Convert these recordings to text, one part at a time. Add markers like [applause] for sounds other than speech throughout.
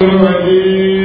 الرجيم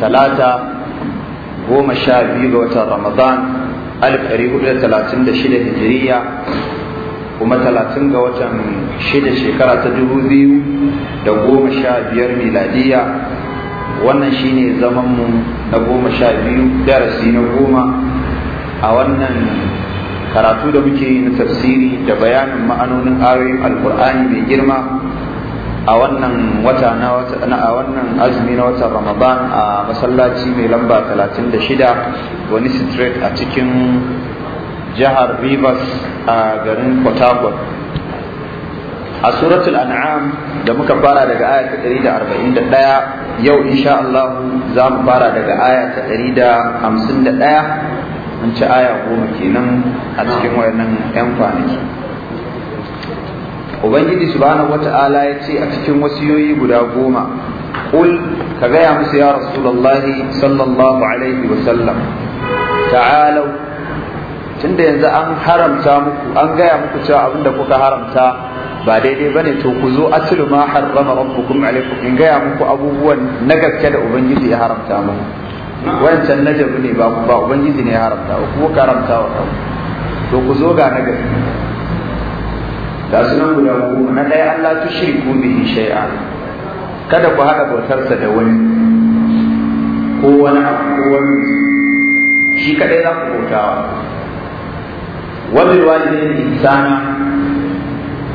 talata goma sha biyu ga watan ramadan alif ɗari hudu da talatin da shida hijiriya kuma talatin ga watan shida shekara ta dubu biyu da goma sha biyar miladiya wannan shine zaman mu na goma sha biyu darasi na goma a wannan karatu da muke yi na tafsiri da bayanin ma'anonin ayoyin alkur'ani mai girma a wannan wata na a wannan azumi na watan ramadan a masallaci mai lamba 36 wani street a cikin jihar rivers a garin port harcourt a suratul an'am da muka fara daga aya ta 141 yau insha Allah za mu fara daga aya ta 151 an ci aya goma kenan a cikin wayannan 'yan kwanaki ubangiji subhanahu wata'ala ya ce a cikin wasiyoyi guda goma Kul ka gaya musu ya rasulullahi sallallahu alaihi wa sallam ta'alau tunda yanzu an haramta muku an gaya muku cewa abinda kuka haramta ba daidai bane to ku zo aslu ma harrama rabbukum alaikum in gaya muku abubuwan na gaske da ubangiji ya haramta muku wancan najabu ne ba ba ubangiji ne ya haramta ku haramta wa to ku zo ga na gaske ga sunan guda goma na ɗaya Allah ta shirku bihi shay'a kada ku haɗa bautarsa da wani ko wani abu ko wani shi kaɗai za ku bautawa wabil walidain ihsana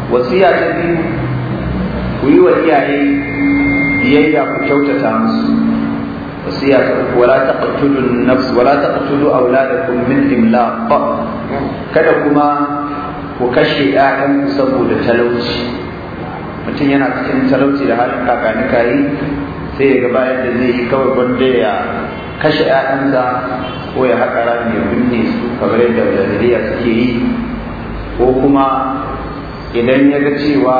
wasiya ta biyu ku yi wa iyaye biyayya ku kyautata musu wasiya ta uku wala taqtulun nafs wala taqtulu auladakum min imlaq kada kuma ku kashe ‘ya'yanku saboda talauci mutum yana cikin talauci da halin kakanika yi sai ya gaba bayan da zai yi kawai gwanda ya kashe ‘ya'yansa ko ya haƙa rami ya binne su kamar yadda wadatariya suke yi ko kuma idan ya ga cewa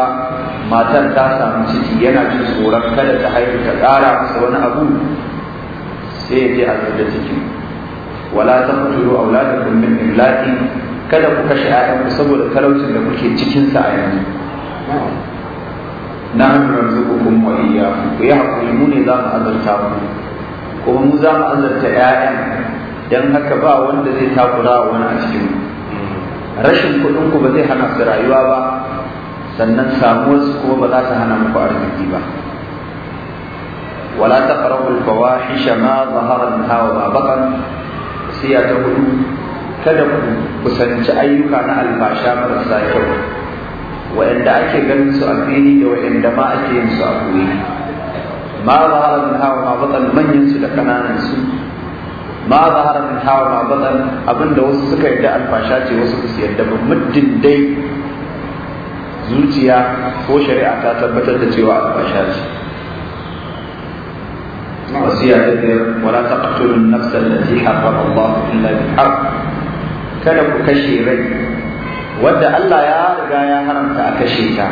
matar ta samu ciki yana jin tsoron kada ta haihu ta ƙara masa wani abu sai ya je a cikin wala ta mutu auladakum min imlaqi kada ku kashe ku saboda talaucin da kuke cikinsa a yanzu na hannun ranzukukun wa iya ku yi hakuri mu ne za mu azarta ku kuma mu za mu azarta 'ya'yan don haka ba wanda zai takura wani a cikin rashin kuɗin ku ba zai hana su rayuwa ba sannan samuwar su kuma ba za ta hana muku arziki ba wala taqrabu al-fawahisha ma zahara minha wa ma siya ta huɗu? kada ku kusanci ayyuka na albasha marasa kyau waɗanda ake ganin su a fili da waɗanda ma ake yin su a koyi ma zahara min hawa ma batan manyan su da kananan su ma zahara min hawa ma batan abinda wasu suka yadda albasha ce wasu su yadda ba muddin dai zuciya ko shari'a ta tabbatar da cewa albasha ce wasiya da biyar wala taqtulun nafsa allati harrama Allah illa bil haqq kada ku kashe rai wadda Allah ya riga ya haramta a kashe ta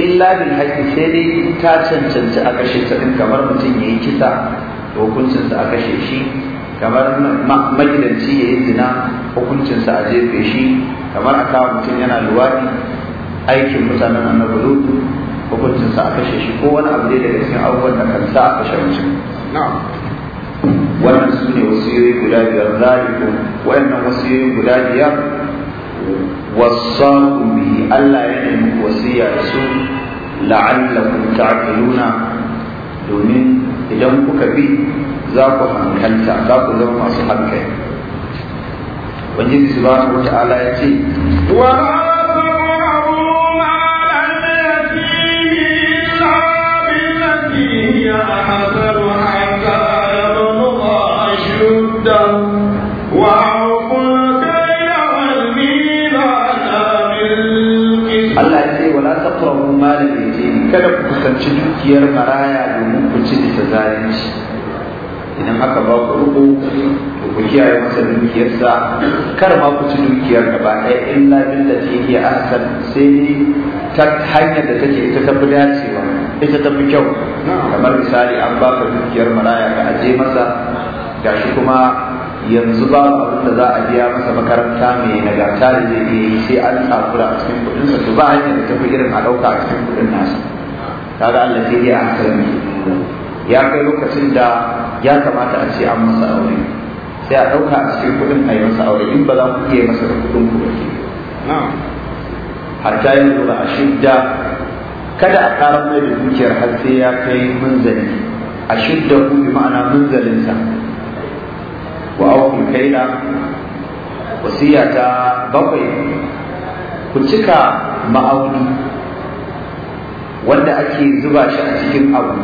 illa bil haqqi sai dai ta cancanci a kashe ta din kamar mutum yayi kisa hukuncin sa a kashe shi kamar magidanci yayi zina hukuncin sa a jefe shi kamar aka mutum yana luwadi aikin mutanen annabi lutu hukuncin sa a kashe shi ko wani abu ne daga cikin abubuwan da kan sa a kashe mutum na'am wannan su ne wasiri guda biyar zalikun wannan wasiri guda biyar wasaku bihi Allah ya nemi wasiya da su la'allakum ta'qiluna domin idan kuka bi za ku hankalta za ku zama masu hankali ubangiji subhanahu wata'ala ya ce wa أحد Allah ya ce wala taqrabu mal al kada ku kusanci dukiyar maraya domin ku ci bisa zalunci idan aka ba ku ruku to ku kiyaye masa dukiyarsa kar ma ku ci dukiyar ba, ɗaya illa billati hiya ahsan sai ta hanyar da take ita tafi dacewa ita tafi kyau kamar misali an baka dukiyar maraya ka aje masa shi kuma yanzu ba abin da za a biya masa makaranta mai nagarta da zai iya yi sai an takura a cikin kuɗinsa to ba hanyar da tafi irin a ɗauka a cikin kuɗin nasa kaga Allah sai dai a hankali ya kai lokacin da ya kamata a ce an masa aure sai a ɗauka a cikin kuɗin a yi masa aure in ba za ku iya masa da ku ba hatta yanzu ba a shidda kada a ƙarar mai da dukiyar har sai ya kai munzali a shidda ku bi ma'ana munzalinsa wa aukul kaina wasiya ta bakwai ku cika ma'auni wanda ake zuba shi a cikin abu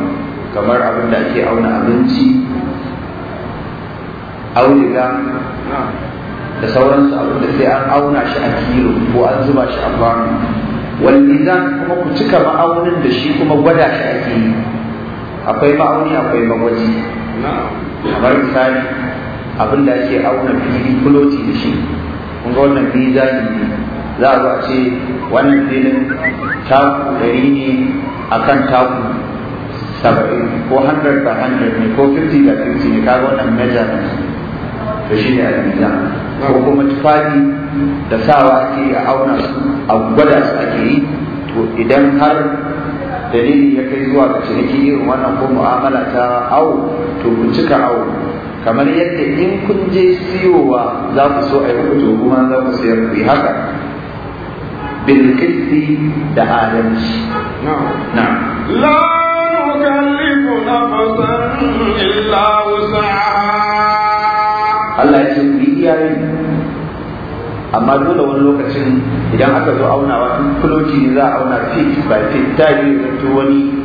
kamar abin da ake auna abinci auduga da sauransu abin da sai an auna shi a kilo ko an zuba shi a kwano walmizan kuma ku cika ma'aunin da shi kuma gwada shi ake yi akwai ma'auni akwai magwaji kamar misali abin da ake auna fili kuloti da shi kun ga wannan mizani ne za a ce wannan filin taku dari ne a kan taku saba'in ko hundred by hundred ne ko fifty by fifty ne kaga wannan measurement da shi ne a fili ko kuma tufafi da sawa ake a auna su a gwada su ake yi to idan har dalili ya kai zuwa ga ciniki irin wannan ko mu'amala ta awo to cika awo kamar yadda in kun je siyowa za ku so a yi kuto kuma za ku sayar ku yi haka bilkisti da adalci na Allah ya ce ku yi iyaye. amma dole wani lokacin idan aka zo aunawa in kuloci ne za a auna fit by fit ta yi wani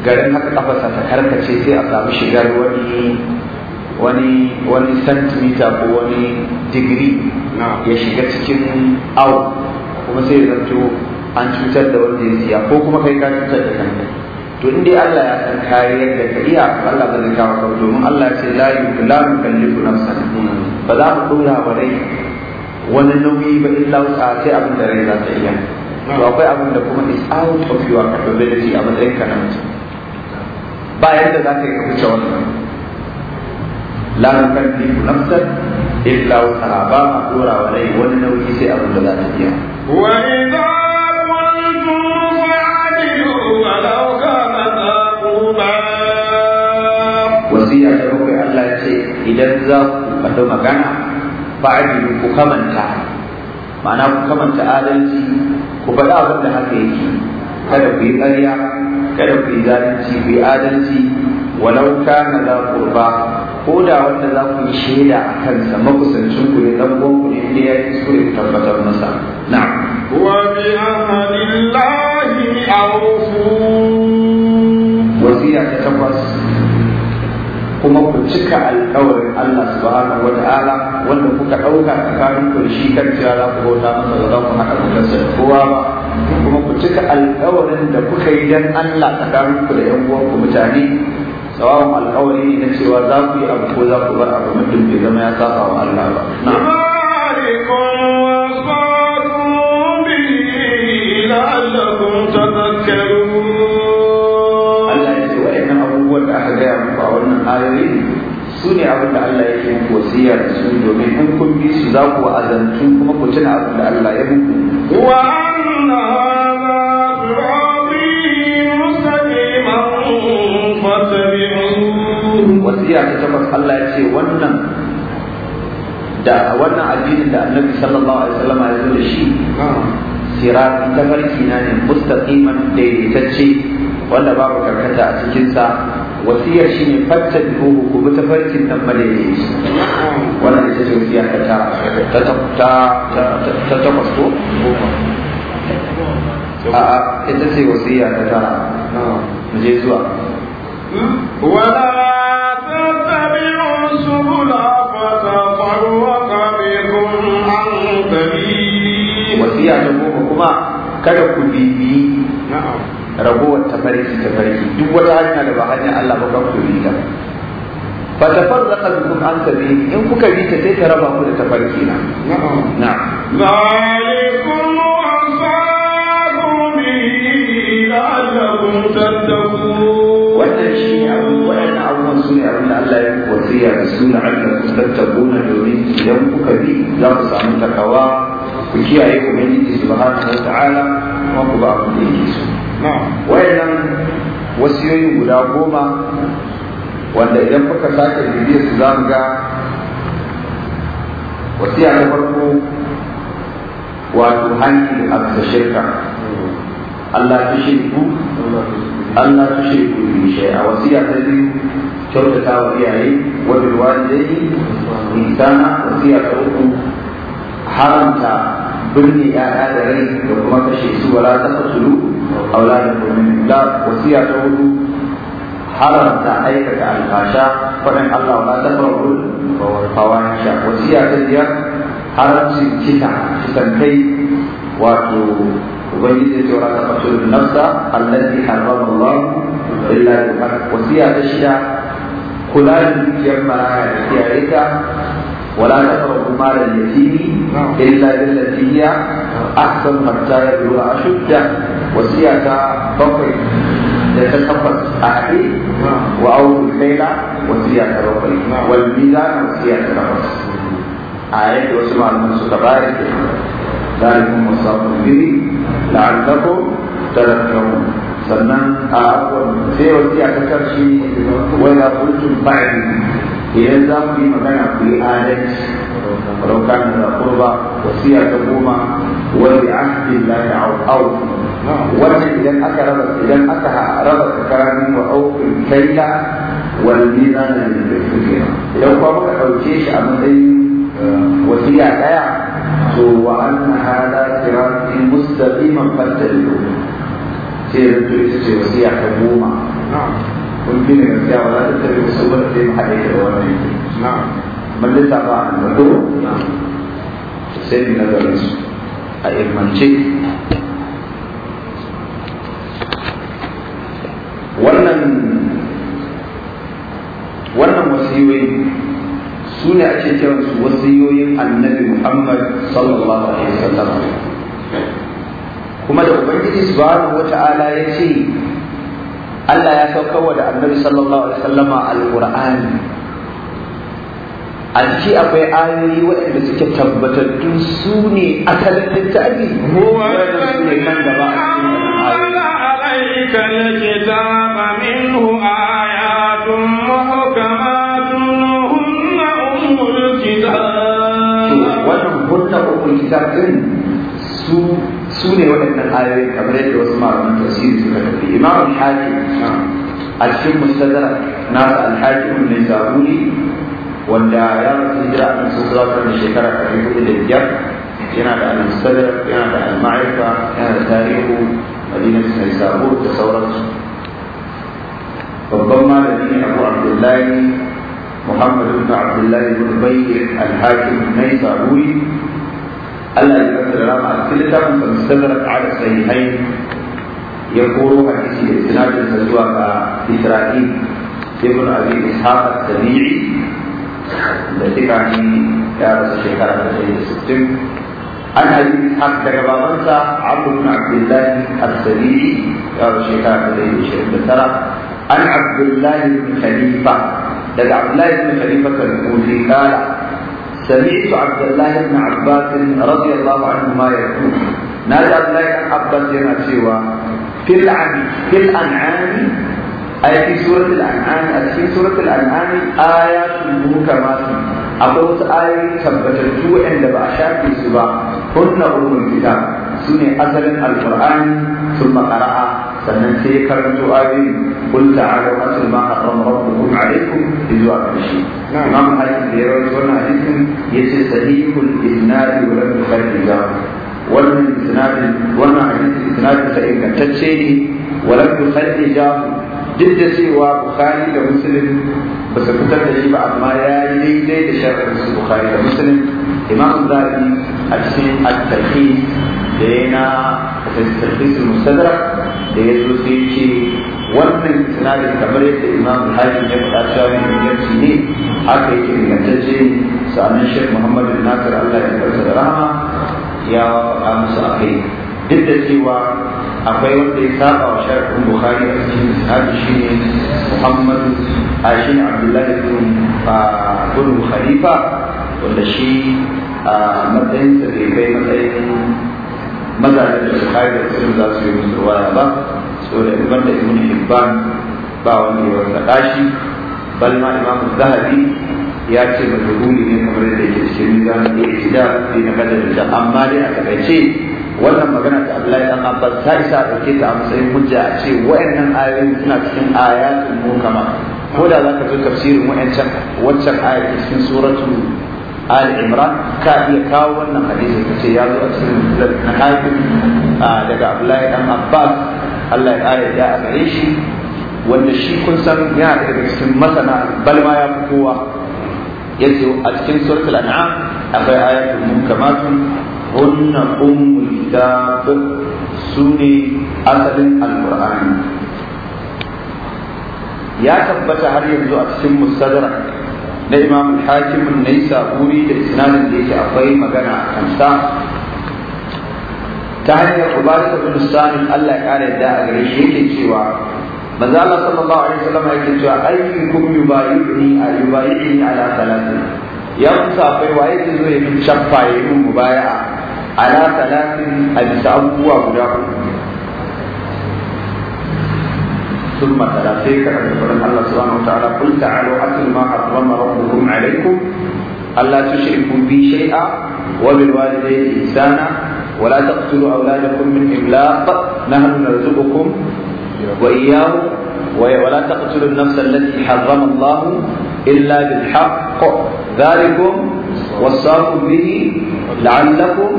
garin haka kafasa ta karkace sai a samu shigar wani wani wani santimita ko wani digiri ya shiga cikin awo kuma sai ya an cutar da wanda ya siya ko kuma kai ka cutar da kanka to inda Allah ya san kariyar da ka iya Allah ba zai kawo kawo domin Allah ya ce la yuklamu kallifu nafsan ba za mu dora ba rai wani nauyi ba illa wasa sai abin da rai za ta iya to akwai abin da kuma is out of your capability a matsayin ka na mutum ba yadda za ka yi ka wuce wannan la nukallifu nafsan illa wusaha ba ma dora wa rai wani nauyi sai abin da za ta iya wa idza qultum fa'dilu walau kana taquba wasiya da kuka Allah ya ce idan za ku faɗi magana fa'dilu ku kamanta ma'ana ku kamanta adalci ku faɗi abin da haka yake kada ku yi ƙarya kada ku yi zalunci ku yi adalci walau kana za ku qurba ko da wanda za ku yi shaida a kansa makusancin ku ne dan uwan ku ne inda ya yi kuskure ku tabbatar masa Na. wa bi ahdillahi awfu wasiya ta takwas kuma ku cika alkawarin Allah subhanahu wa ta'ala wanda kuka ɗauka tsakanin ku da shi kan cewa za ku bauta masa da za ku haɗa kuka kowa ba kuma ku cika alkawarin da kuka yi dan Allah tsakanin ku da yan uwanku mutane tsawon alkawari na cewa za ku yi abu za ku bar abu mutum bai zama ya saba wa Allah ba Allah ya ce wa'annan abubuwan da aka gaya muku a wannan ayoyi su ne Allah yake muku wasiya da su domin in kun bi su za ku wa'azantu kuma ku cina abin Allah ya muku. Wa wasiya ta tabbas Allah ya ce wannan da wannan addinin da Annabi sallallahu alaihi wasallam ya zo da shi sirati ta farki na ne mustaqiman daidaitacce wanda babu karkata a cikin sa shi ne fatta ruhu ku bi ta farkin nan madaidaici wannan ita ce wasiya ta ta ta ta tabbas ko a'a ita ce wasiya ta tara mu je zuwa wala wasiya ta goma kuma kada ku bibiyi ragowar tafarki tafarki duk wata hanya da ba hanyar Allah ba ba ku rita fa ka bikum an sabili in kuka bi ta sai ta raba ku da tafarki na na zalikum asabu bihi Allah ya wasiya da suna Allah kun tattabuna domin idan kuka bi za ku samu takawa ku kiyaye ubangiji subhanahu wata'ala kuma ku ba abin da yake so wayannan wasiyoyin guda goma wanda idan kuka sake bibiyar su za mu ga wasiya na farko wato hanki a shirka Allah ya shirku Allah su shi ku bi shay'a Wasu ya biyu kyautata wa iyaye wani bil walidayni ihsana Wasu ta uku haramta binne ya'ya da rai da kuma kashe su wala taqtulu auladakum min la wasiya ta hudu haramta aikata alfasha faɗin Allah ba ta faru fawahisha Wasu ya biyar haramcin kisa kisan kai wato ubangiji ya ce wa nafsa allati harrama Allah illa bil haqq wa siyada shiya kula da dukiyar maraya da kiyaye ta wala ta rubu mala yatimi illa bil lati hiya ahsan ma ta yaru wa shukka wa siyata bakwai da ta tabbata a kai wa awu laila wa siyata bakwai wal mizan wa siyata bakwai a yadda wasu malaman suka bayar da ذلكم وصاكم به لعلكم تذكرون sannan a sai wasiya ta karshe wanda kuntum ba'in idan za ku yi magana ku yi adalci raukan da kurba wasiya ta goma wani ahdi la ya'au wannan idan aka raba idan aka raba tsakanin wa aukin kaila wal mizan da idan kuma muka dauke shi a matsayin wasiya daya to wa anna hada tirati mustaqima fatadu ce da ku ce wasiya ta goma na'am kun kine da cewa da ta yi musubar da ya yi da wani na'am mun da ba an da sai mun ga ne a yi manje wannan wannan su ne ake kiran su wasiyoyin annabi Muhammad sallallahu alaihi wasallam kuma da ubangiji subhanahu wata'ala ya ce Allah ya wa da annabi sallallahu alaihi wasallama alqur'ani A ciki akwai ayoyi waɗanda suke tabbatattu su ne asalin littafi waɗanda su ne nan gaba a cikin ayoyi littafin su ne waɗannan ayoyi kamar yadda wasu malaman tafsiri suka tafi imamu hakim a cikin mustadrak nasa alhakim ne zaburi wanda ya rasu hijira a kan sosu zafi da shekara ɗari hudu da biyar yana da al-mustadrak yana da al-ma'arifa yana da tarihu madinatu mai zabur da sauransu babban malami ne abu abdullahi محمد بن عبد الله بن بيع الحاكم النيسابوري Allah ya kasa da rama a cikin littafin sa musallar ala sahihai ya koro hadisi da sinadin sa zuwa ga Isra'il ibn Abi Ishaq al-Tabi'i da tikani ya rasu shekara ta ɗari da sittin an abi Ishaq daga babansa Abu bin Abdullah al-Tabi'i ya rasu shekara ta ɗari da ishirin da tara an Abdullah bin Khalifa daga Abdullah bin Khalifa al-Kufi kala سمعت عبد الله بن عباس رضي الله عنهما يقول نادى الله بن عباس يما سوى في الأنعام في الانعام اي في سوره الانعام في سوره الانعام ايات محكمات akwai wasu ayoyi tabbatattu waɗanda ba a shafe su ba kunna umul kita su ne asalin alqur'ani sun makara'a sannan sai ya karanto ayoyi ta ta'alu wasu ma harrama rabbukum alaykum zuwa karshe imam hakim da ya rawaito wannan hadisin yace sahihul isnad wa lam yukhrija wannan isnadin wannan hadisi isnadin sa ingantacce ne wa lam yukhrija duk da cewa bukhari da muslim biyar musu da muslim imam zahabi a cikin al-tarhi da da ya zo wannan sinadin kamar yadda imam hakim ya faɗa cewa inganci ne haka yake ingantacce sa'anin shek muhammadu nasir allah ya rahama ya faɗa da cewa akwai wanda ya saba wa sharafin Buhari a cikin misali shi ne muhammad a shi ne abdullahi bin khalifa wanda shi a matsayinsa bai kai matsayin mazajen da bukhari da muslim za su yi musu ba ba da ibn da ibn hibban ba wanda ya wanda shi bal ma imam zahabi ya ce majhuli ne kamar yadda ke cikin mizan da ya ci da na kadar da amma dai a takaice wannan magana ta Abdullahi dan Abbas ta isa dauke ta a matsayin hujja a ce wayannan ayoyin suna cikin ayatul mukama ko da zaka zo tafsirin wayancan waccan ayar cikin suratul Ali Imran ka iya kawo wannan hadisi ta ce ya zo a cikin na hakim daga Abdullahi dan Abbas Allah ya ƙara ya a gare shi wanda shi kun san yana daga cikin masana balma ya fi kowa yace a cikin suratul an'am akwai ayatul mukamatun hunna ummul kitab su ne al alkur'ani ya tabbata har yanzu a cikin musadara na imam hakim na yi da isnadin da yake akwai magana a kansa ta hanyar ubada da sanin allah ya kare da a gare shi yake cewa maza allah sallallahu alaihi wasallam yake cewa ayyukum yubayyuni yubayyuni ala salatin ya kusa akwai waye zai zo ya min chaffa ya min mubaya'a على talatin a bisa abubuwa guda ثم تلافيك أن الله سبحانه وتعالى قل تعالوا أتل ما حرم ربكم عليكم ألا تشركوا بي شيئا وبالوالدين إحسانا ولا تقتلوا أولادكم من إملاق نحن نرزقكم وإياه ولا تقتلوا النفس التي حرم الله إلا بالحق ذلكم وصاكم به لعلكم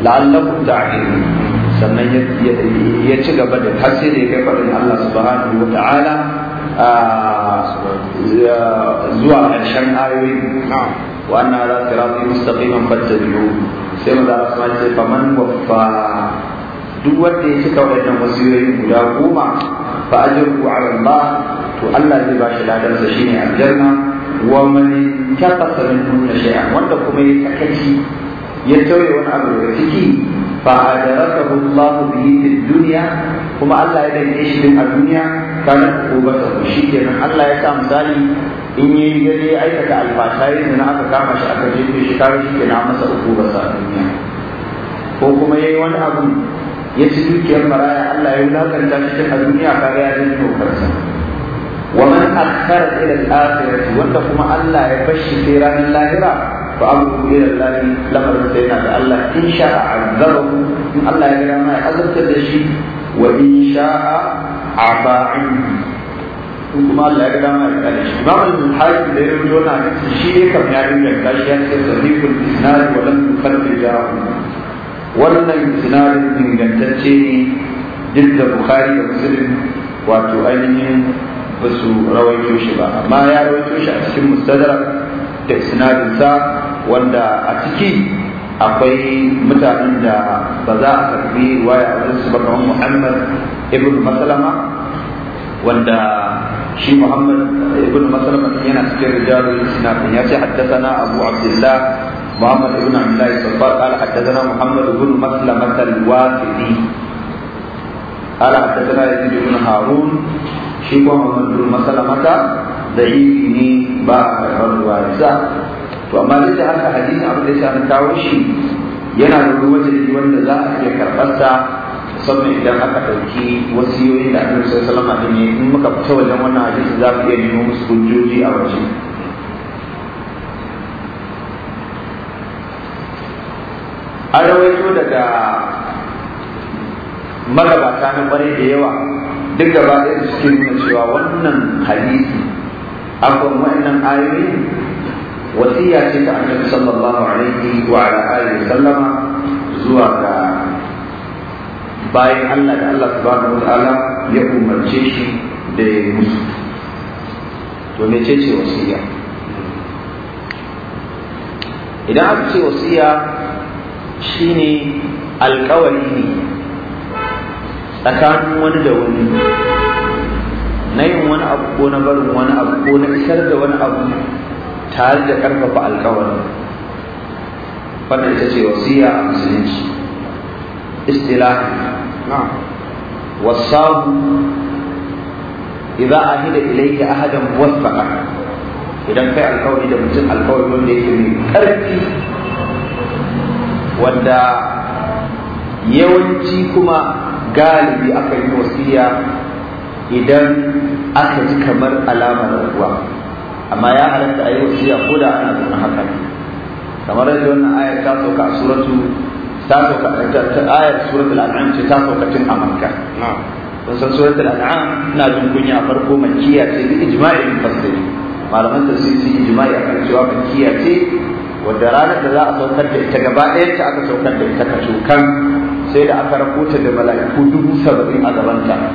la'allakum ta'qilun sannan ya ci gaba da har sai da ya kai faɗin Allah subhanahu wa ta'ala zuwa ƙarshen ayoyi wa anna la sirati mustaqiman fattabi'u sai maza Allah ya ce faman waffa duk wanda ya cika waɗannan wasiyoyi guda goma fa ajruhu 'ala Allah to Allah zai ba shi ladan sa shine aljanna wa man takasa min shay'an wanda kuma ya takaci ya tauye wani abu daga ciki fa adarakahu Allah bihi fid dunya kuma Allah ya danne shi din a duniya kana ko ba shi kenan Allah ya sa misali in yi gare ya aikata alfasha yin na aka kama shi aka jefe shi kare shi kenan masa uku ba duniya ko kuma yayi wani abu ya ci dukiyar maraya Allah ya wulakanta shi a duniya kare ya danne kansa ومن أخر إلى الآخرة وأنت كما الله يبشر في رانا اللاهرة fa amru ila Allah lamarin sai na da Allah in sha'a azabahu in Allah ya ga ma ya azabtar da shi wa in sha'a afa'in in kuma Allah ya ga ma ya kare shi ba mun haƙi da yau yana da shi ne kam ya dinga shi ya ce sadiqul isnad wa lam yufarrij jahu wannan isnadin ingantacce ne duk da Bukhari da Muslim wato ainihin ba su rawaito shi ba amma ya rawaito shi a cikin mustadrak da isnadinsa wanda a ciki akwai mutanen da ba za a karbi waya a wurin su ba kamar Muhammad Ibn Masalama wanda shi Muhammad Ibn Masalama yana cikin rijalu suna kun ya ce na Abu Abdullah Muhammad Ibn Abdullah Sabbar qala na Muhammad Ibn Masalama al-Wasiti qala haddasana Yazid Ibn Harun shi kuma Muhammad Ibn Masalama ta da yi ne ba a karbar to amma duk da haka hadisi abu da ya na kawo shi yana da da wanda za a iya sa musamman idan aka ɗauki wasiyoyin da annabi sallallahu alaihi wasallam ne in muka fita wajen wannan hadisi za ku iya nemo musu hujjoji a waje an rawaito daga magabata na ƙwarai da yawa duk gaba ɗaya suke nuna cewa wannan hadisi akwai wannan ayoyi wasiya ce ta annabi sallallahu alaihi wa ala alihi sallama zuwa ga bayan Allah da Allah subhanahu wa ta'ala ya umarce shi da ya musu to mece ce wasiya idan aka ce wasiya shine alkawari ne tsakanin wani da wani na yin wani abu ko na barin wani abu ko na isar da wani abu tare da karfafa alkawari wanda ita ce wasiya a musulunci istilah wasabu idza ahida ilayka ahadan wafaqa idan kai alkawari da mutum alkawari wanda yake mai karfi wanda yawanci kuma galibi aka yi wasiya idan aka ji kamar alamar ruwa amma ya halatta a yi wasiya ko da ana zaune haka kamar yadda wannan ayar ta sauka a suratu ta sauka ta ayar suratul an'am ce ta sauka tun a makka san suratul an'am ina jin kunya a farko makkiya ce da ijma'i fasiri malaman ta sun ijma'i a cewa makkiya ce wadda ranar da za a saukar da ita gaba ɗaya ta aka saukar da ita kan sai da aka rabuta da mala'iku dubu saba'in a gabanta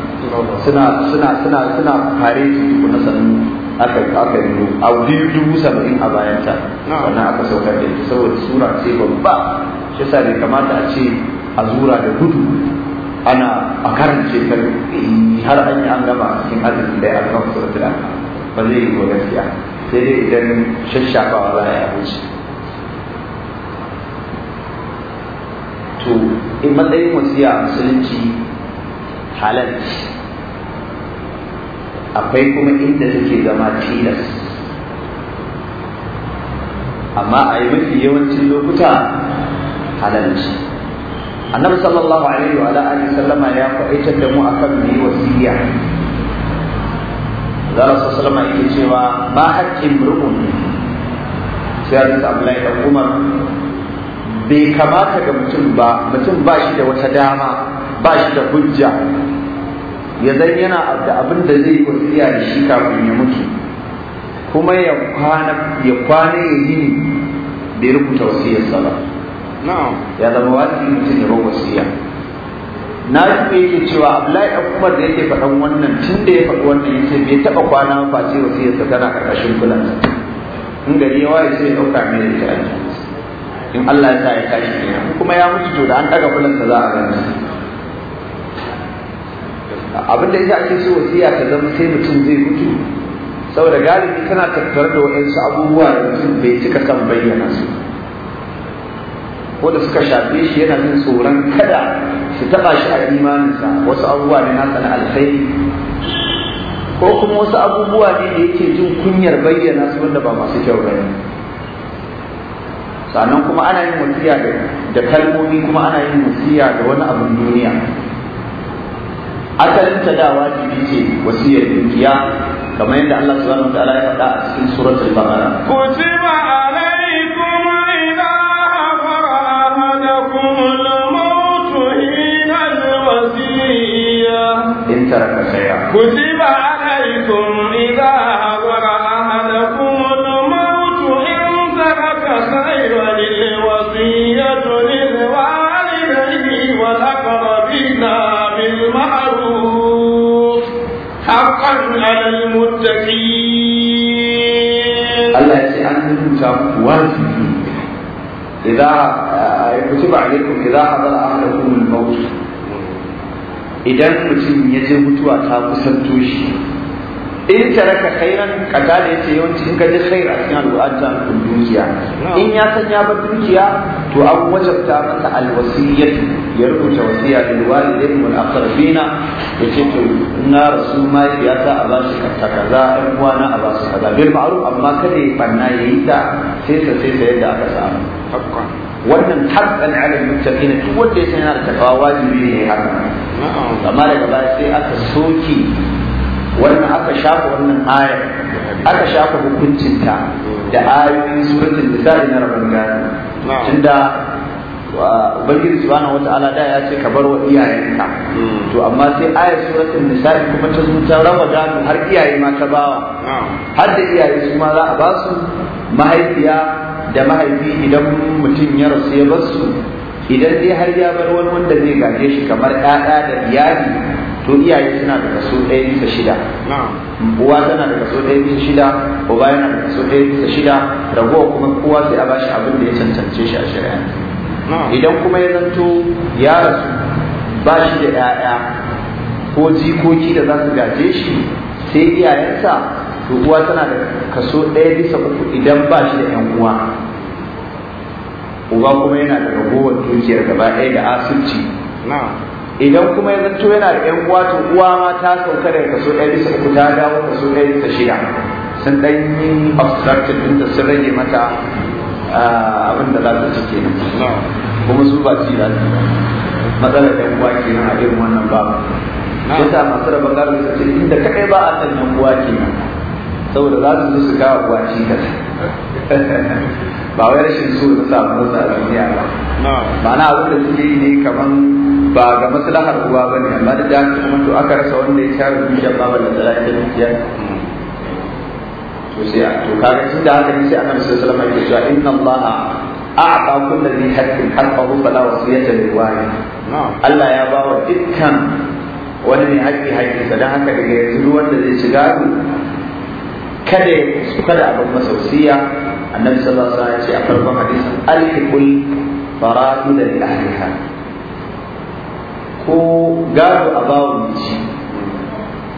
suna suna fare su tukuna sannu aka aka yi a biyu dubu saba'in a bayanta wannan aka saukar da ita saboda sura ce babba shi sa bai kamata a ce a zura da gudu ana a karance ta eh, har an yi an gama a cikin arziki da ya kan suratul ba zai yi wa gaskiya sai dai idan shashafawa za a yi abinci to in matsayin wasiya musulunci halarci akwai kuma inda take zama tilas amma a yi mafi yawancin lokuta halalci annabi sallallahu alaihi wa alihi sallama ya faɗaitar da mu akan mu yi wasiya zara su sallama yake cewa ba haƙƙin ru'un sai hadis abdullahi da umar bai kamata ga mutum ba mutum ba shi da wata dama ba shi da hujja ya zayyana yana da abin da zai wasiya da shi kafin ya mutu kuma ya kwana ya kwana ya yi bai rubuta sa ba ya zama wajibi mutum ya rubuta wasiya na rufe yake cewa Abdullahi ɗan Umar da yake faɗan wannan tun da ya faɗi wannan yace bai taɓa kwana ba wasiyar sa tana ƙarƙashin kulansa in gari ya waye sai ya ɗauka mai da ita in Allah ya sa ya tashi kuma ya mutu to da an ɗaga kulansa za a gani abin da ita ake so wasiya ta zama sai mutum zai mutu saboda galibi tana tattare da waɗansu abubuwa da mutum bai cika kan bayyana su ko da suka shafe shi yana jin tsoron kada su taɓa shi a imaninsa wasu abubuwa ne nasa na alkhairi ko kuma wasu abubuwa ne da yake jin kunyar bayyana su wanda ba masu kyau ba sannan kuma ana yin wasiya da kalmomi kuma ana yin wasiya da wani abin duniya asalin ta da wajibi ce wasiyar dukiya kamar yadda Allah subhanahu wataala ya faɗa a cikin suratul baqara kutiba alaykum idha habara ahadakum al-maut hina al-wasiyya in taraka shay'a kutiba alaykum ka ku wajibi idza eh, kutiba alaikum idza hadara ahadakum ya je mutuwa ta kusanto shi in taraka khairan ka da yace yawanci in ka ji khair a cikin alqur'ani ta dukiya in ya san ya bar dukiya to an wajabta masa alwasiyyatu ya rubuta wasiya lil walidayni wal aqrabina yace to na rasu ma ya ta a ba shi kaza kaza ɗan uwa na a ba su kaza bil ma'ruf amma kada ya banna yayi ta sai ta sai ta yadda aka samu wannan haqqan 'ala al-muttaqin duk wanda ya san yana da takawa wajibi ne haka amma daga baya sai aka soki wannan aka shafa wannan ayar aka shafa hukuncinta da ayoyin suratul nisa'i na rabon gani tunda ubangiji subhanahu wata'ala da ya ce ka bar wa iyayenka hmm. to amma sai ayar suratul nisa'i kuma ta zo ta rawa gado har iyaye ma ta bawa har da iyaye su ma za a ba su mahaifiya da mahaifi idan mutum ya rasu ya basu. su idan dai har ya bar wani wanda zai gaje shi kamar 'ya'ya da iyali to iyaye suna da kaso ɗaya bisa shida uwa tana da kaso ɗaya bisa shida uba yana da kaso ɗaya bisa shida ragowa kuma kowa sai a bashi abin da ya cancance shi a shari'a idan kuma ya zanto ya rasu ba shi da 'ya'ya ko jikoki da za su gaje shi sai iyayensa to uwa tana da kaso ɗaya bisa uku idan ba shi da 'yan uwa uba kuma yana da ragowar dukiyar gaba ɗaya da asirci idan kuma ya zanto yana da yan uwa to uwa ma ta sauka daga kaso ɗaya bisa uku ta dawo kaso ɗaya bisa shida sun ɗan yi obstructed din da sun rage mata abin da za ta ci kenan kuma su ba ci za matsalar yan uwa kenan a irin wannan babu yasa masu raba gado su ce inda kaɗai ba a san yan uwa kenan saboda za su zo su gawa uwa ci kasa ba wai rashin so da samu motsa a duniya ba ma'ana abin da suke yi ne kaman ba ga maslahar uwa ba ne amma da haka kuma to aka rasa wanda ya share dukiyar ba ba da tsalaita dukiyar to sai a to kaga tun da haka sai annabi sallallahu alaihi wasallam ya ce inna allaha a'ta kulli dhi hakkin haqqahu fala wasiyata lil warith Allah ya ba wa dukkan wani ne haƙƙi haƙƙinsa don haka daga yanzu wanda zai shiga kada ya su kada abin masausiya annabi sallallahu alaihi wasallam ya ce a farkon hadisin alhiqul fara'id li ahliha ko gado a bawon ci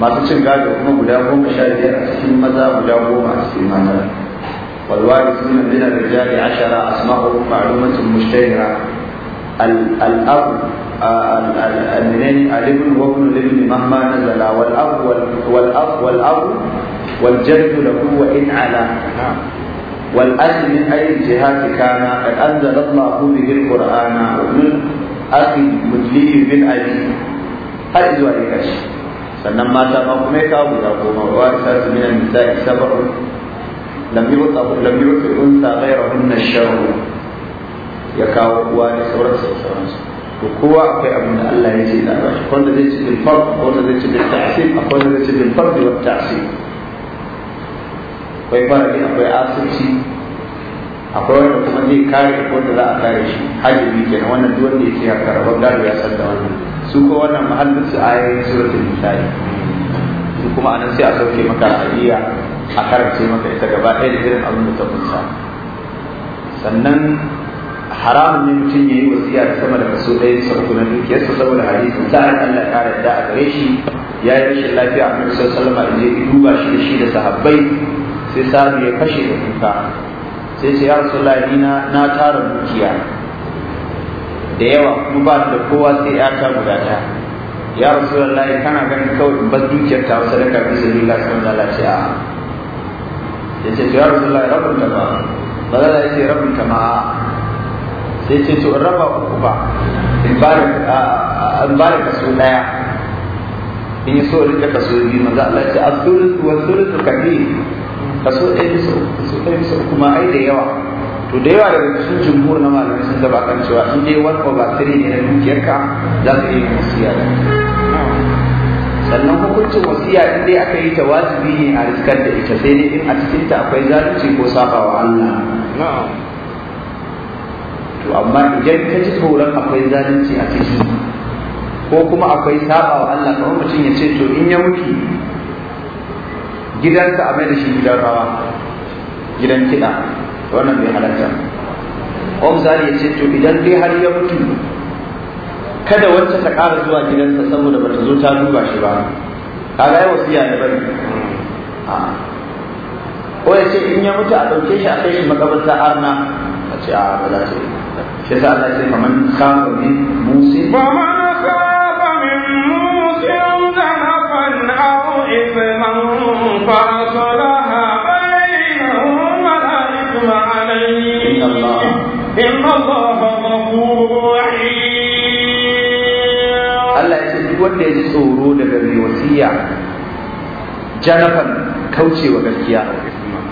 masu cin gado kuma guda goma sha biyar a cikin maza guda goma a cikin mata a من الرجال عشرة أسماؤهم معلومة مشتهرة الأب الابن وابن الابن مهما نزل والأب والأب والجد له وإن علا والأجل من أي الجهات كان قد أنزل الله به القرآن ومن أخي مدلي بن أبي هل إذا sannan mata ma kuma ya kawo guda goma wa ta su minan nisa'i sab'un lam yuta lam yuta unsa ghayrahunna sharru ya kawo uwa da sauransu sauransu to kowa akwai abin da Allah ya ce da ci zai ci akwai barari akwai asirci akwai wanda kuma zai kare da za a kare shi hajjabi ke na wannan duwanda ya ce ya karaba gado ya san da wannan su ko wannan mahallin su yayin suratun nisa'i su kuma anan sai a sauke maka ra'ayya a karance maka ita gaba ɗaya da irin abin da ta kunsa sannan haramun ne mutum ya yi wasiya da sama da kaso ɗaya da uku na su saboda hadisin sa'an Allah ya kare da a gare shi ya yi rashin lafiya a Muhammad sallama da zai ya duba shi da shi da sahabbai sai samu ya kashe da kuka sai sai ya rasu na na tara dukiya da yawa kuma ba da kowa sai ya ta guda ta ya rasu kana ganin kawai ba dukiyar ta wasu daga bisa lila sun lalace a ya ce ya rasu lai rabin ta ba ba za ya ce rabin ta ma sai ce to raba uku ba in ba da kaso daya in yi so rika kaso biyu maza Allah ce a surutu wa surutu kabi kaso ɗaya bisa uku kaso ɗaya bisa uku ma ai da yawa to da yawa daga cikin jumhur na malamai sun taba kan cewa in dai ko ba three ne na dukiyarka za ka iya wasiya da sannan hukuncin wasiya in dai aka yi ta wajibi ne a riskar da ita sai dai in a cikin ta akwai zalunci ko saba wa Allah to amma idan ka ji tsoron akwai zalunci a ciki ko kuma akwai saba wa Allah kamar mutum ya ce to in ya mutu gidansa a mai da shi gidan rawa gidan kiɗa wannan bai halatta ko misali ya ce to idan dai har ya mutu kada wacce ta ƙara zuwa gidansa saboda ba ta zo ta duba shi ba ga yawa siya da bari ko ya ce in ya mutu a ɗauke shi a kai shi makabarta arna a ce a ba za ta yi shi ta Allah ce kaman kama min musi ba ma wanda ya ji tsoro daga mai wasiya janafan kaucewa gaskiya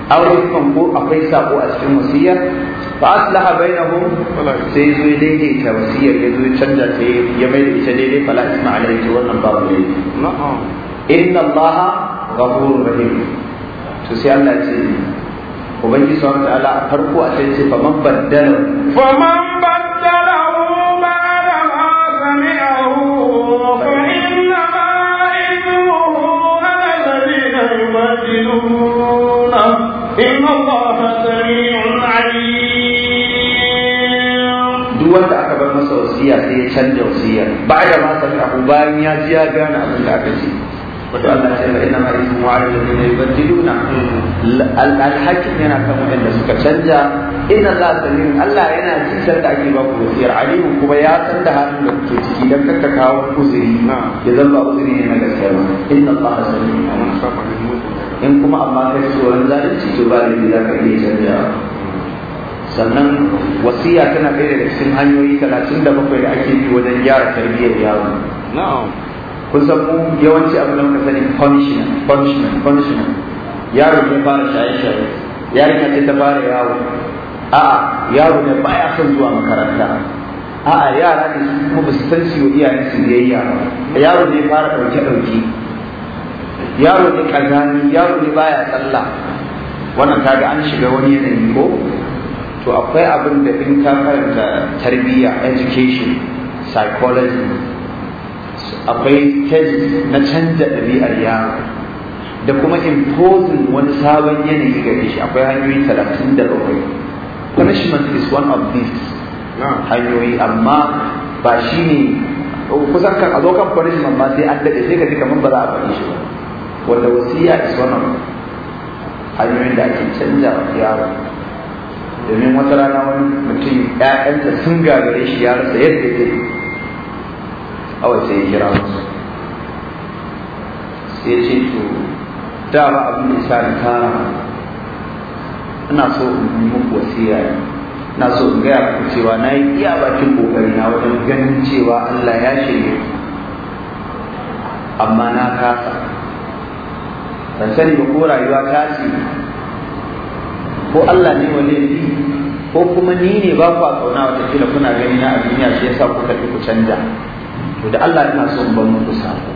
a kan ko akwai sako a cikin wasiya bai na hu sai zo ya daidaita wasiya ya zo yi, canja ta ya mai da ita daidai fala isma alaihi wannan babu wani inna allaha ghafurur rahim to sai Allah ce ubangiji subhanahu wa a farko a sai ce fa baddala wasiya sai ya canja wasiya ba'da ma abu bayan ya ji ya gane abin da aka ce wato Allah ya ce inna ma ismu wa ne ban yubaddiluna al-hakim yana kan wanda suka canja inna Allah sami'un Allah yana ji san da ake ba ku wasiyar alimu kuma ya san da halin da kuke ciki dan kakka kawo uzuri ya zama uzuri ne na gaskiya ba inna Allah mutum in kuma amma kai tsoron zalunci to ba ne za ka iya canja sannan wasiya tana ɗaya da cikin hanyoyi talatin da bakwai da ake bi wajen gyara tarbiyyar yaro kun san mu yawanci abin da muka sani punishment punishment punishment yaro ne fara shaye-shaye yaro ce ta fara yawo a'a yaro ne baya son zuwa makaranta a'a yara ne kuma ba su san su yi iyayen su biyayya yaro ne fara ɗauke-ɗauke yaro ne kazani yaro ne baya tsalla wannan kaga an shiga wani yanayi ko to akwai abin da in ka karanta tarbiyya education psychology akwai keji na canja ɗabi'ar yaro da kuma imposing wani sabon yanayi ga shi akwai hanyoyi talatin da bakwai punishment is one of these hanyoyi amma ba shi ne kusan kan a punishment ma sai an daɗe sai ka ji kamar ba za a faɗi shi ba wanda wasiya is one of hanyoyin da ake canja yaro domin wata rana wani mutum ‘ya'yanta sun gagare shi ya rasa yadda ya yi a wace ya kira musu sai ce to da abin da sa ni kara ina so in yi muku wasiya ina so in gaya ku cewa na yi iya bakin kokari na wajen ganin cewa Allah ya shirya amma na kasa ban sani ba ko rayuwa ta ce ko Allah ne wani ne ko kuma ni ne ba ku a kauna wata kila kuna gani na a duniya shi yasa kuka tafi ku canja to da Allah yana son ban muku sako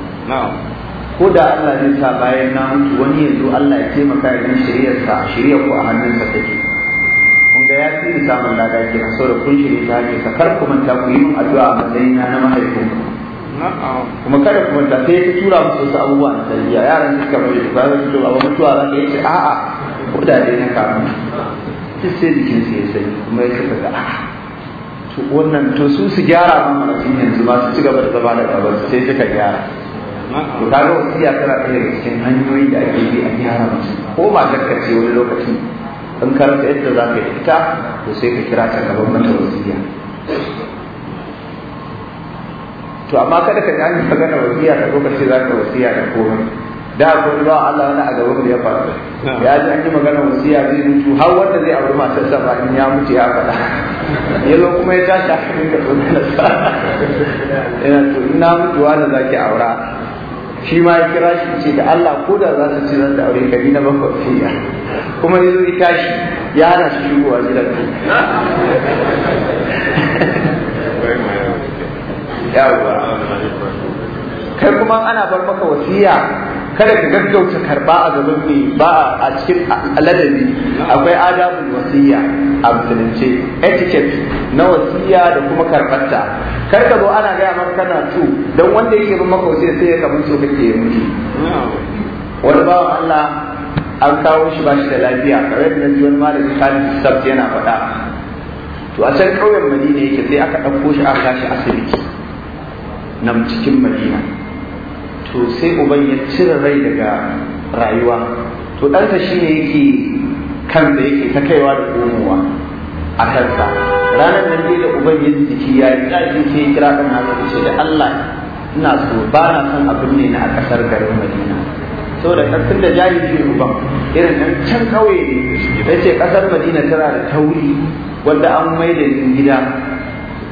ko da Allah ne sa bayan na mutu wani yanzu Allah ya taimaka ya shiryarsa shirya ku a hannunsa take kun ga ya fi ni samun lada ke so da kun shirya ta hanyar sa kar ku manta ku yi min addu'a a matsayin na mahaifin ku kuma kada ku manta sai ya tura musu wasu abubuwa na tarbiyya yaran suka mai ba za su ce ba mutuwa za ka yi a'a kudade na kamu duk sai jikin su ya sai kuma ya suka ga ah, to wannan to su su gyara ma marafin yanzu ba su ci gaba da zama da gaba sai suka gyara to kaga wasiya tana ɗaya daga cikin hanyoyi da ake bi a gyara mutum ko ba takkace wani lokaci in ka rasa yadda za ka yi ita to sai ka kira ta gaban mata wasiya to amma kada ka ji an yi magana wasiya ta lokaci za ka wasiya da komai da akwai ba Allah wani a gaban ya faru ya ji an yi magana wasiya zai mutu har wanda zai auri matar sa ba in ya mutu ya faɗa ya zo kuma ya tashi haka da ka da sa Ina to ina mutuwa da zaki aura shi ma ya kira shi ce da Allah ko da za su ci zan da aure gari na bakwai fiya kuma ya zo ya tashi ya hana shi shigowa gidan yawa kai kuma ana bar maka wasiya kada ka gaggauta karba a gaban mai ba a cikin ladabi akwai adabul wasiya a musulunce etiquette na wasiya da kuma karbarta kar ka zo ana gaya maka kana tu don wanda yake bin maka sai ya kamu so kake yi mutu wani bawan Allah an kawo shi ba shi da lafiya kare da ji wani malami Khalid yana faɗa to a can kauyen Madina yake sai aka ɗauko shi aka kashi asibiti nan cikin Madina to sai uban ya cire rai daga rayuwa to ɗansa shi ne yake kan da yake ta kaiwa da komowa a kansa ranar nan dai da uban ya jiki ya yi sai kira ɗan haka ce da Allah ina so ba na son abin ne na a ƙasar garin Madina saboda ƙarfin da ke uban irin nan can kauye ne ya ce ƙasar Madina tana da tauri wanda an maida gida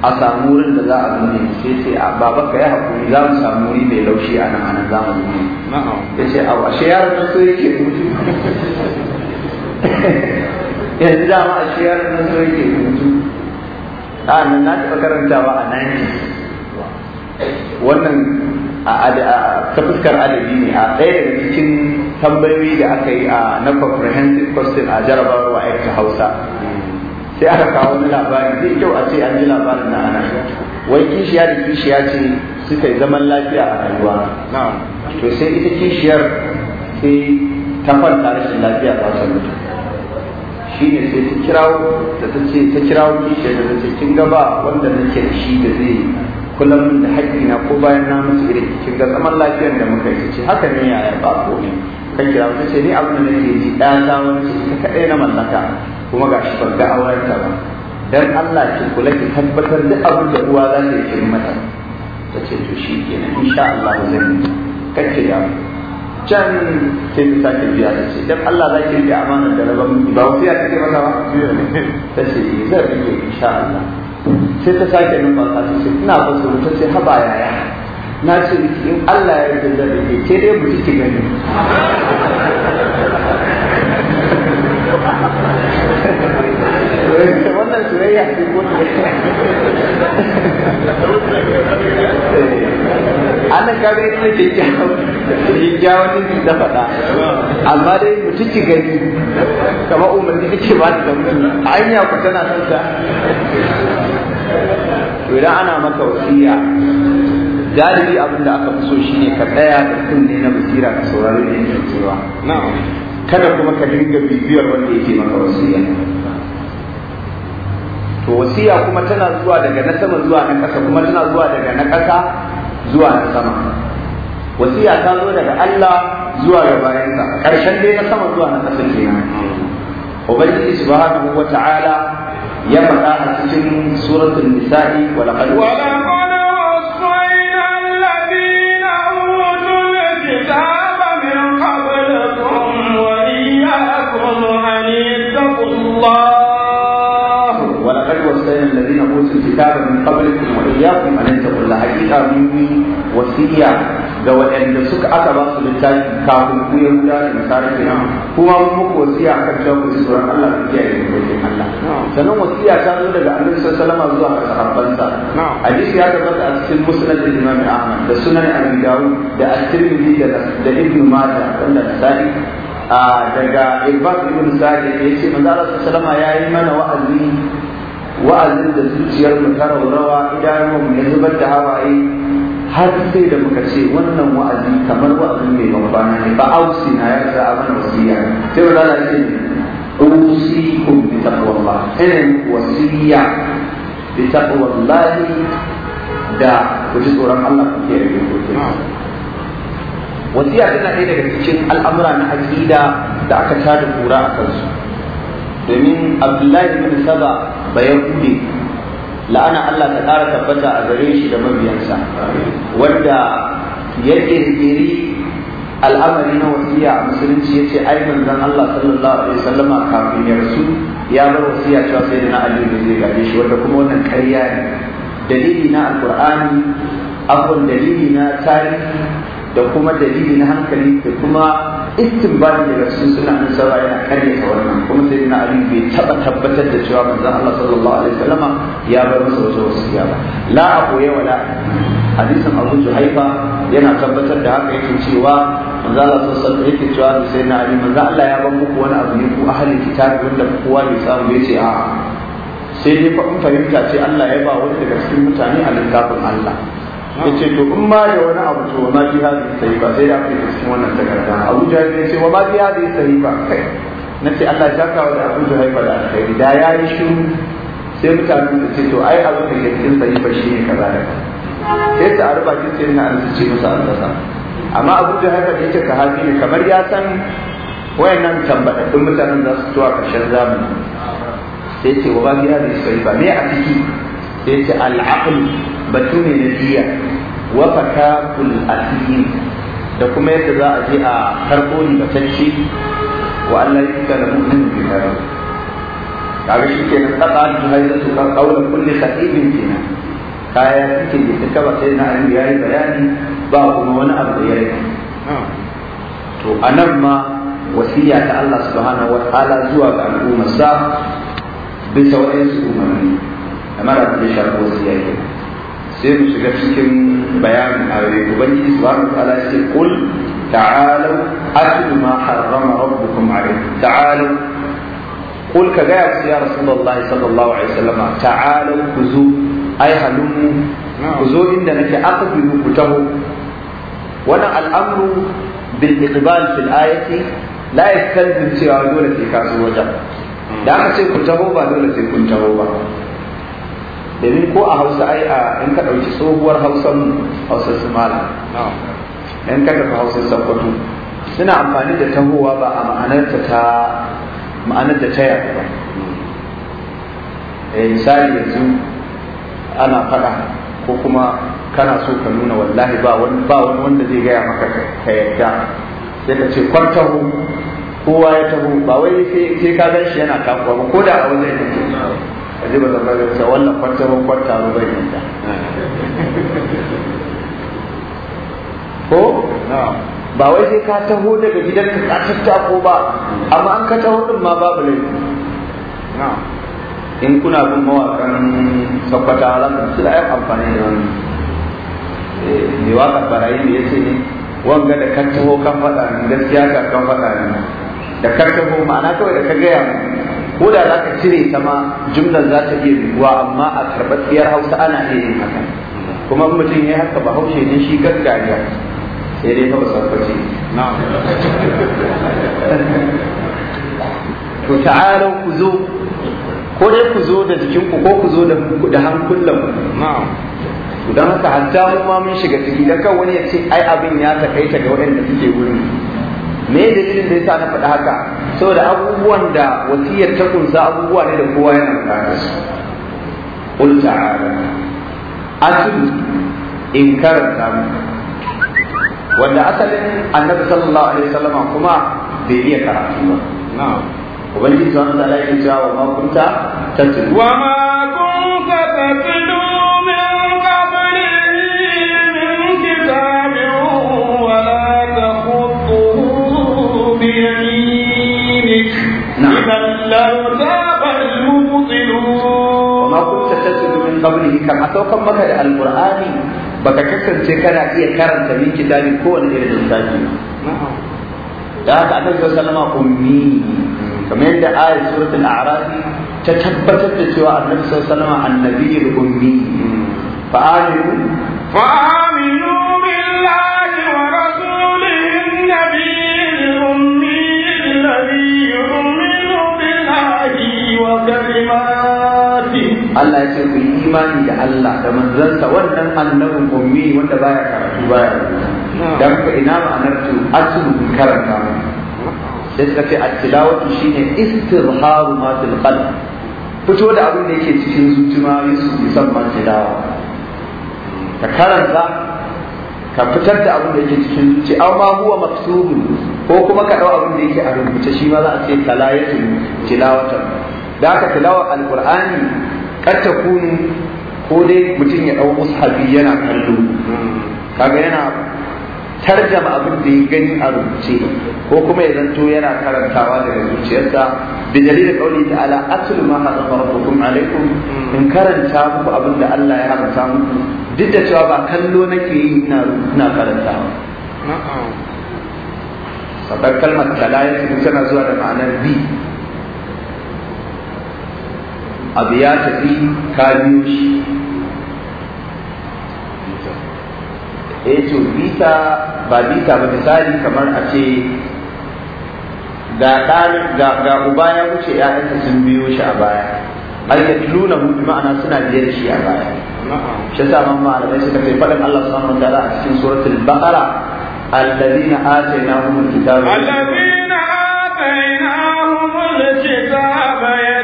a samu wurin da za a nune sai sai a baba ka yi haƙuri, za mu samu wuri mai laushi a nan nan za mu ne ya ce a washe yaron nan so yake mutu [laughs] yanzu dama a shi yaron nan so yake mutu a nan na taɓa ba a ne wannan ta fuskar adabi ne a ɗaya daga cikin tambayoyi da aka yi a na comprehensive question a jarabawar wa'ayar hausa sai aka kawo wani labari zai kyau a ce an ji labarin na ana wai kishiya da kishiya ce suka yi zaman lafiya a rayuwa to sai ita kishiyar sai ta kwanta rashin lafiya ba su mutu shi ne sai ta kirawo da ta ce ta kirawo kishiyar da ta ce kin gaba wanda nake da shi da zai kula min da na, ko bayan na musu irin kin ga zaman lafiyar da muka yi ce haka ne yaya ba ko ne kan kira ta ce ni abin da nake ji ɗaya ta wani ta kaɗai na mallaka kuma ga shi ban ga aurenta ba dan Allah ki kula ki tabbatar da abu da uwa za ta yi mata ta ce to shi ke nan insha Allah zan kace da can sai ta sake biya ta ce dan Allah za ki yi amana da rabon ba wasiya kike masa ba ta ce eh, zan yi insha Allah sai ta sake ba ta ce ina ba su ta ce haba yaya na ce in Allah ya yarda da ke sai dai mu ci gani tarayya annan da ita ne kyakkyawan nufi da faɗa amma dai mutum ki gani kamar umarni kake ba da mutu hanya ku tana son ta idan ana maka wasiya galibi abin da aka fi so ne ka tsaya da kunne na basira ka saurari ne da cewa kada kuma ka dinga bibiyar wanda yake maka wasiya to wasiya kuma tana zuwa daga na sama zuwa na ƙasa kuma tana zuwa daga na ƙasa zuwa na sama wasiya ta zo daga Allah zuwa ga bayansa ƙarshen dai na sama zuwa na ƙasa kenan ubangiji subhanahu wata'ala ya faɗa a cikin suratul nisa'i wa laqad kuntum kitaban الكتاب من قبلكم وإياكم أن تتقوا الله حقيقة مني وصية ga waɗanda suka aka ba su littafi kafin ku yahuda da nasara ke nan kuma mun muku wasiya kan cewa ku tsoron Allah ku kiyaye dokokin Allah sannan wasiya ta zo daga Annabi sallallahu alaihi wasallam zuwa ga sahabbansa hadisi ya tabbata a cikin musnad da Imam Ahmad da sunan Abi Dawud da At-Tirmidhi da da Ibn Majah sai a daga Ibn Sa'id yace manzo sallallahu alaihi wasallam yayi mana wa'azi wa'azin da zuciyar mu ta raunawa idanun mu ya zubar da hawaye har sai da muka ce wannan wa'azi kamar wa'azin mai bambana ne ba ausi na ya sa abin wasiya sai ba za ce usikum bi irin wasiya bi da ku tsoron Allah ku ke rage ku wasiya tana ɗaya daga cikin al'amura na aqida da aka tada kura a kansu domin Abdullahi bin Saba bayan kuɗi la'ana Allah ta ƙara tabbata a gare shi da mabiyansa wanda ya ƙirƙiri al'amari na wasiya a musulunci ya ce ai manzon Allah sallallahu alaihi wasallama kafin ya rasu ya bar wasiya cewa sai da na Ali ne zai gaje shi wanda kuma wannan ƙarya ne dalili na alqur'ani abun dalili na tarihi da kuma dalili na hankali da kuma istin istinbadi daga cikin sunan saura yana karya ta wannan kuma sai na ali bai taba tabbatar da cewa manzon Allah sallallahu alaihi wasallam ya bar masa wasu siya ba la abu ya wala hadisin Abu Juhaifa yana tabbatar da haka yake cewa manzon Allah sallallahu alaihi wasallam yake cewa sai na ali manzon Allah ya bar muku wani abu ne ku ahlul kitabi wanda kowa bai samu yace a sai dai fa fahimta ce Allah ya ba wanda daga cikin mutane a littafin Allah ya ce to in ma da wani abu to ma fi hadin ba sai da fita cikin wannan takarda abu jahil ya ce wa ma fi hadin sahifa kai na ce Allah ya kawo da abu ba da alkhairi da ya yi shiru sai mutane su ce to ai abu da cikin ba shi ne kaza da sai ta arba ki ce ina an ce musu an sa amma abu haifa yace yake sahabi ne kamar ya san wayannan tambadaddun mutanen za su zuwa karshen zamani sai ce wa ba fi hadin ba me a ciki sai ce al-aql batu ne na jiya wa a cikin da kuma yadda za a je a karɓo libatacce wa Allah da mutum bi karo kaga shi ke nan tsaka da hayyar su kan kaula kulli khatibin kenan kaya suke da suka ba sai na annabi yayi bayani ba kuma wani abu da yayi to anan ma wasiya ta Allah subhanahu wa ta'ala zuwa ga al'ummar sa bisa wa'ansu umarni kamar da shi wasiya kenan sai mu shiga cikin bayanin aure ubangiji subhanahu wataala ya ce kul ta'alu atlu ma harrama rabbukum alaykum ta'alu kul ka gaya su ya rasulullahi sallallahu alaihi wasallama ta'alu ku zo ai halummu ku zo inda nake aqbilu ku taho wannan al'amru bil iqbal fil ayati la yastalzim cewa dole sai ka zo wajen da aka ce ku taho ba dole sai kun taho ba domin ko a hausa ai a in ka ɗauki tsohuwar hausan hausa su in ka dafa hausa sabbatu suna amfani da tahowa ba a ma'anar da ta yaku ba eh, misali yanzu ana faɗa ko kuma kana so ka nuna wallahi ba wani wanda zai gaya maka ka yadda sai ka ce taho, kowa ya taho ba wai sai ka gan shi yana kafuwa ba ko da a wajen yake kaji ba zama gaisa wannan kwanta ban kwanta ba bai yanta ko ba wai sai ka taho daga gidan ka ko ba amma an ka taho din ma babu ne in kuna bin mawakan sabbata alamun su da ayyukan amfani da wani eh, mai waka barayi da ya ce ne wanga da ka taho kan faɗa ne gaskiya ka kan faɗa ne da ka taho ma'ana kawai da ka gaya mu Koda da za ka cire ta ma jumlar za ta iya biguwa amma a karɓaɓɓiyar hausa ana iya yin haka kuma mutum ya haka ba haushe ne shi gaggariya sai dai ta basarfaci to ta'alau ku zo ko dai ku zo da jikinku ko ku zo da hankulan ku Idan haka hatta mu ma mun shiga ciki da kan wani ya ce ai abin ya takaita ga waɗanda suke wurin me dalilin da yasa na faɗa haka saboda abubuwan da wasiyar ta kunsa abubuwa ne da kowa yana buƙatar su qul ta'ala asul in karanta mu wanda asalin annabi sallallahu alaihi wasallam kuma bai iya karatu ba na'am ubangiji subhanahu wa ta'ala yake cewa wa ma kunta tatlu wa ma kunta tatlu وما كنت تتلو من قبله كما سوكم مكة القرآن baka kasance kana iya karanta min kitabi ko wani irin lissafi da haka annabi ummi kamar yadda ayat suratul ta tabbatar da cewa annabi sallallahu annabiyul ummi fa aminu fa aminu billahi Allah ya ce ku yi imani da Allah da manzansa wannan annabin ummi wanda baya karatu baya dan ka ina ma'anar tu aslu karanta sai ka ce at-tilawatu shine istirharu ma fil qalb fito da abin da yake cikin zuciya yusu musamman tilawa ka karanta ka fitar da abin da yake cikin zuci amma huwa maktubu ko kuma ka dau abin da yake a rubuce shi ma za a ce talayatul tilawatan da aka tilawa alqur'ani kar ta kunu ko dai mutum ya ɗau mushafi yana kallo kaga yana tarjama abin da ya gani a rubuce ko kuma ya zanto yana karantawa daga zuciyarsa bi dalilin kauli ta'ala atul ma hadafa alaikum in karanta muku abin da Allah ya haramta muku duk da cewa ba kallo nake yi ina ina karantawa sabon kalmar tala ya tana zuwa da ma'anar bi abu ya tafi ka biyo shi E to bita ba bita ba misali kamar a ce ga uba ya wuce ‘ya'yansa sun biyo shi a baya har ya tulu na hudu ma'ana suna biyar shi a baya shi sa man malamai suka ce faɗin Allah su wa ta'ala a cikin suratul baqara alladhina atainahumul kitaba alladhina atainahumul kitaba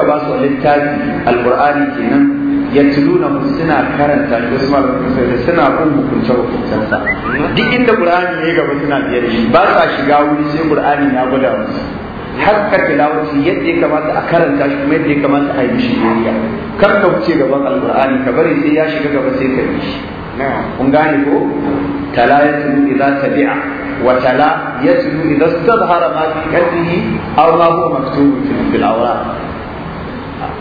suka ba su littafi alqur'ani kenan ya yatluna suna karanta shi wasu malamin da suna kun hukunce hukuncen sa duk inda qur'ani ya gaba suna biyar shi ba sa shiga wuri sai qur'ani ya gwada musu hakka tilawati yadda ya kamata a karanta shi kuma yadda ya kamata a yi shi biyayya kar ka wuce gaban alqur'ani ka bari sai ya shiga gaba sai ka yi shi kun gane ko tala yatlu idza tabi'a wa tala yatlu idza istadhara ma fi qalbihi aw ma huwa maktubun fil awraq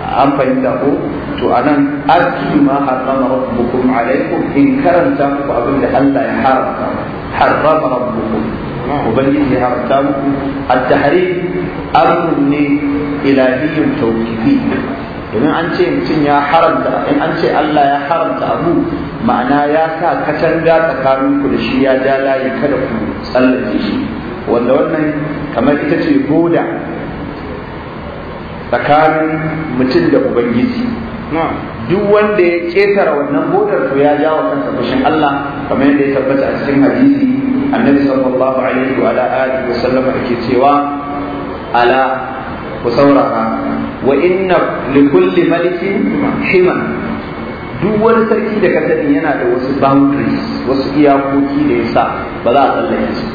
an fahimta ko to anan aki ma harrama rabbukum alaikum in karanta ku abin da Allah ya haramta harrama rabbukum ubangiji ya haramta muku at-tahrim amrun ne ilahiyyun tawqifi Idan an ce mutum ya haramta in an ce Allah ya haramta abu ma'ana ya sa katanga tsakaninku da shi ya ja layi kada ku tsallake shi wanda wannan kamar ita ce boda tsakanin mutum da ubangiji duk wanda ya ketara wannan bodar to ya jawo kansa fushin Allah kamar yadda ya tabbata a cikin hadisi annabi sallallahu alaihi wa alihi wa sallam yake cewa ala ku saurara wa inna li kulli malikin hima duk wani sarki da ka yana da wasu boundaries wasu iyakoki da ya sa ba za a tsallake su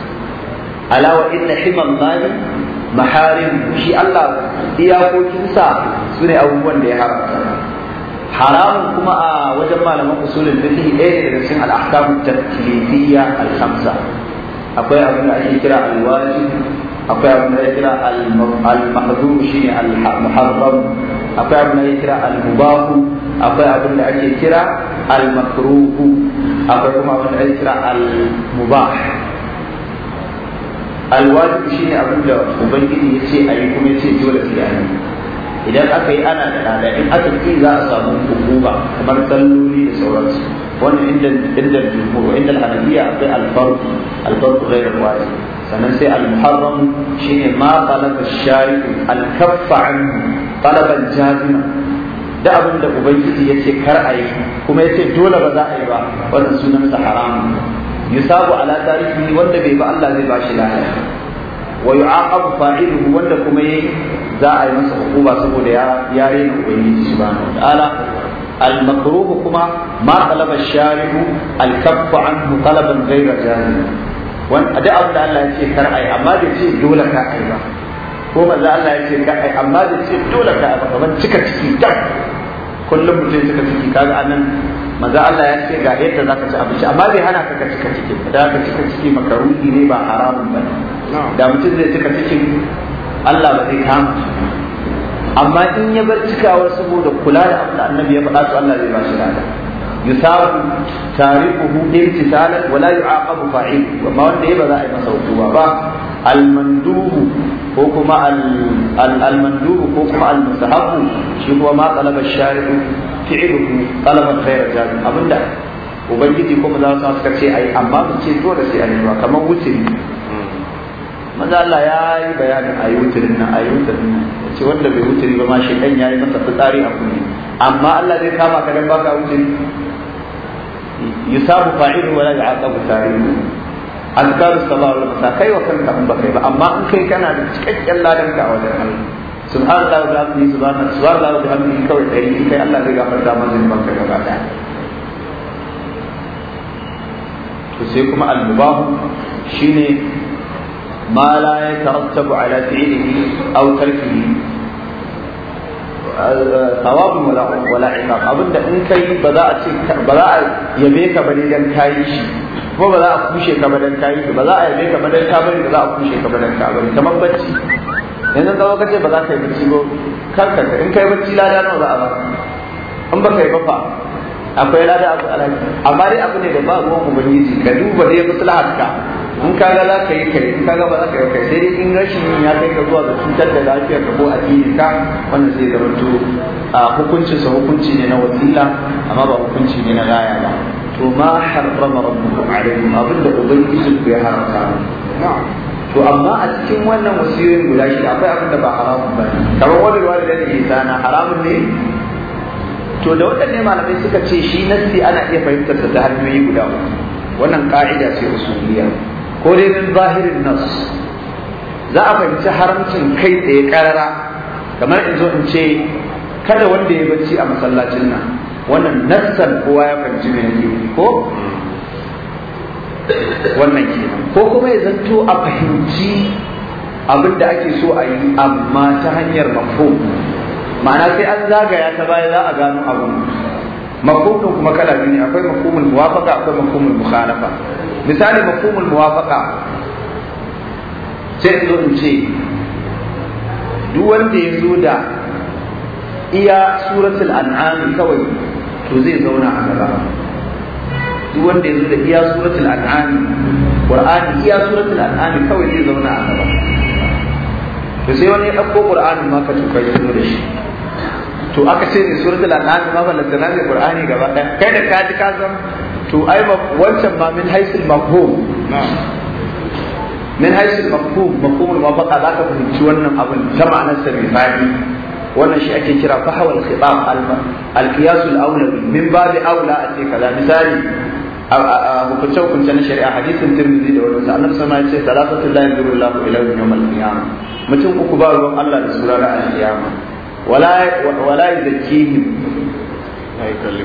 ala wa inna himan mali maharim shi Allah iyakokinsa su ne abubuwan da ya haramta haramun kuma a wajen malaman usulin fiqh ɗaya daga cikin al-ahkam at-taklifiyya al-khamsa akwai abin da ake kira al-wajib akwai abin da ake kira al-mahdhur shi ne al-muharram akwai abin da ake kira al-mubah akwai abin da ake kira al-makruh akwai kuma abin da ake kira al-mubah shi ne abin da ubangiji ya ce ayi kuma ya ce dole sai ayi idan aka yi ana da lada in aka fi za a samu hukuma kamar salloli da sauransu wani inda inda jumhur inda hanafiya akwai alfarqu alfarqu ghayr wajib sannan sai al-muharram shine ma talaba shari'u al-kaffa an jazima da abin da ubangiji ya ce kar a yi kuma ya ce dole ba za a yi ba wannan sunan sa haramun Yusafu ala tarihi wanda bai ba Allah zai bashi lafiya wa yu'aqabu fa'iluhu wanda kuma yayi za a yi masa hukuma saboda ya ya rena ubangiji subhanahu wataala المكروه كما ما طلب الشارع الكف عنه طلبا غير جازم وان ادى عبد الله يشي كر اما دي شي دولة كا اي با ko manzo Allah ya ce ka ai amma da ce dole ka ai kamar cika ciki tak kullum mutum cika ciki maza Allah ya ce ga yadda za ka ci abinci amma bai hana ka cika ka da cika ciki makaruni ne ba haramun ba da mutum zai cika cikin Allah ba zai kama amma in ya bar cikawar saboda kula da abin da annabi ya faɗa su Allah zai ba shi lada yusabu tarikuhu imtisalan wala yu'aqabu fa'il ma wanda ya ba za a yi masa hukuma ba al-mandubu ko kuma al mandubu ko kuma al mustahabu shi kuma ma talaba shari'u fi'luhu talaba khair jazim abinda ubangiji kuma za su suka ce ai amma mun ce da sai an yi ba kamar wutiri maza Allah ya yi bayanin a yi nan a yi nan ce wanda bai wutiri ba ma shi kan ya yi masa fitsari a kunne amma Allah zai kama ka dan baka wutiri yusabu fa'ilu wala ya'aqabu tarihi azkar sallallahu alaihi wasallam kai wa kanka in ba kai ba amma in kai kana da cikakken ladan ka wajen Allah subhanallah da bihamdihi subhanallah subhanallah wa bihamdihi kawai dai in kai Allah zai gafarta maka zunuban ka gaba daya to sai kuma al-mubah shine ma la yatarattabu ala fi'lihi aw tarkihi sawabun wala ita abinda in kai ba za a ce ba za a yabe ka ba ne dan kayi shi ko ba za a kushe ka ba dan kayi shi ba za a yabe ka ba dan ka bari ba za a kushe ka ba dan ka bari kamar bacci yanzu ka zo kace ba za ka yi bacci ba kanka in kai bacci lada nawa za a ba in ba kai ba fa akwai lada abu alhaji amma dai abu ne da ba ruwan ubangiji ka duba dai maslahat ka in ka ga za ka yi kai in ka ga ba za ka yi kai sai dai in rashin ya kai ka zuwa ga cutar da lafiyar ka ko addinin ka wanda zai zama to hukuncin sa hukunci ne na wasila amma ba hukunci ne na gaya ba to ma harrama rabbukum alaihim abinda ubangiji ku ya haramta na'am to amma a cikin wannan wasiyoyin guda shi akwai abin da ba haramun ba kamar wani wani da ke sana haramun ne to da waɗanne malamai suka ce shi nassi ana iya fahimtar ta hanyoyi guda wannan ka'ida ce usuliya ko dai min zahirin nas za a fahimci haramcin kai tsaye karara kamar in zo in ce kada wanda ya bacci a masallacin nan wannan nassan kowa ya fahimci mai ne ko wannan ke. ko kuma ya zanto a fahimci abin da ake so a yi amma ta hanyar mafhum ma'ana sai an zagaya ta baya za a gano abin makumin kuma kala biyu ne akwai makumin muwafaka akwai makumin mukhalafa misali makumin muwafaka sai zo in ce duk wanda ya zo da iya suratul an'am kawai to zai zauna a gaba duk wanda ya zo da iya suratul an'am qur'ani iya suratul an'am kawai zai zauna a gaba to sai wani ya dauko qur'ani ma ka tukai zo da shi to aka ce ne suratul an'am ma balanta na qur'ani gaba ɗaya. kai da ka ji ka san to ai wancan ma min haisul mafhum min haisul mafhum mafhumul za ka fahimci wannan abin ta ma'anar sa mai fadi wannan shi ake kira fahawal khitab al qiyas al awla min babi aula ake kaza misali hukunce hukunce na shari'a hadisin tirmidhi da wani annabi sama ya ce salatu la yanzuru Allahu ila yawm al qiyamah mutum uku ba ruwan Allah da sura al qiyamah ولا ولا يزكيهم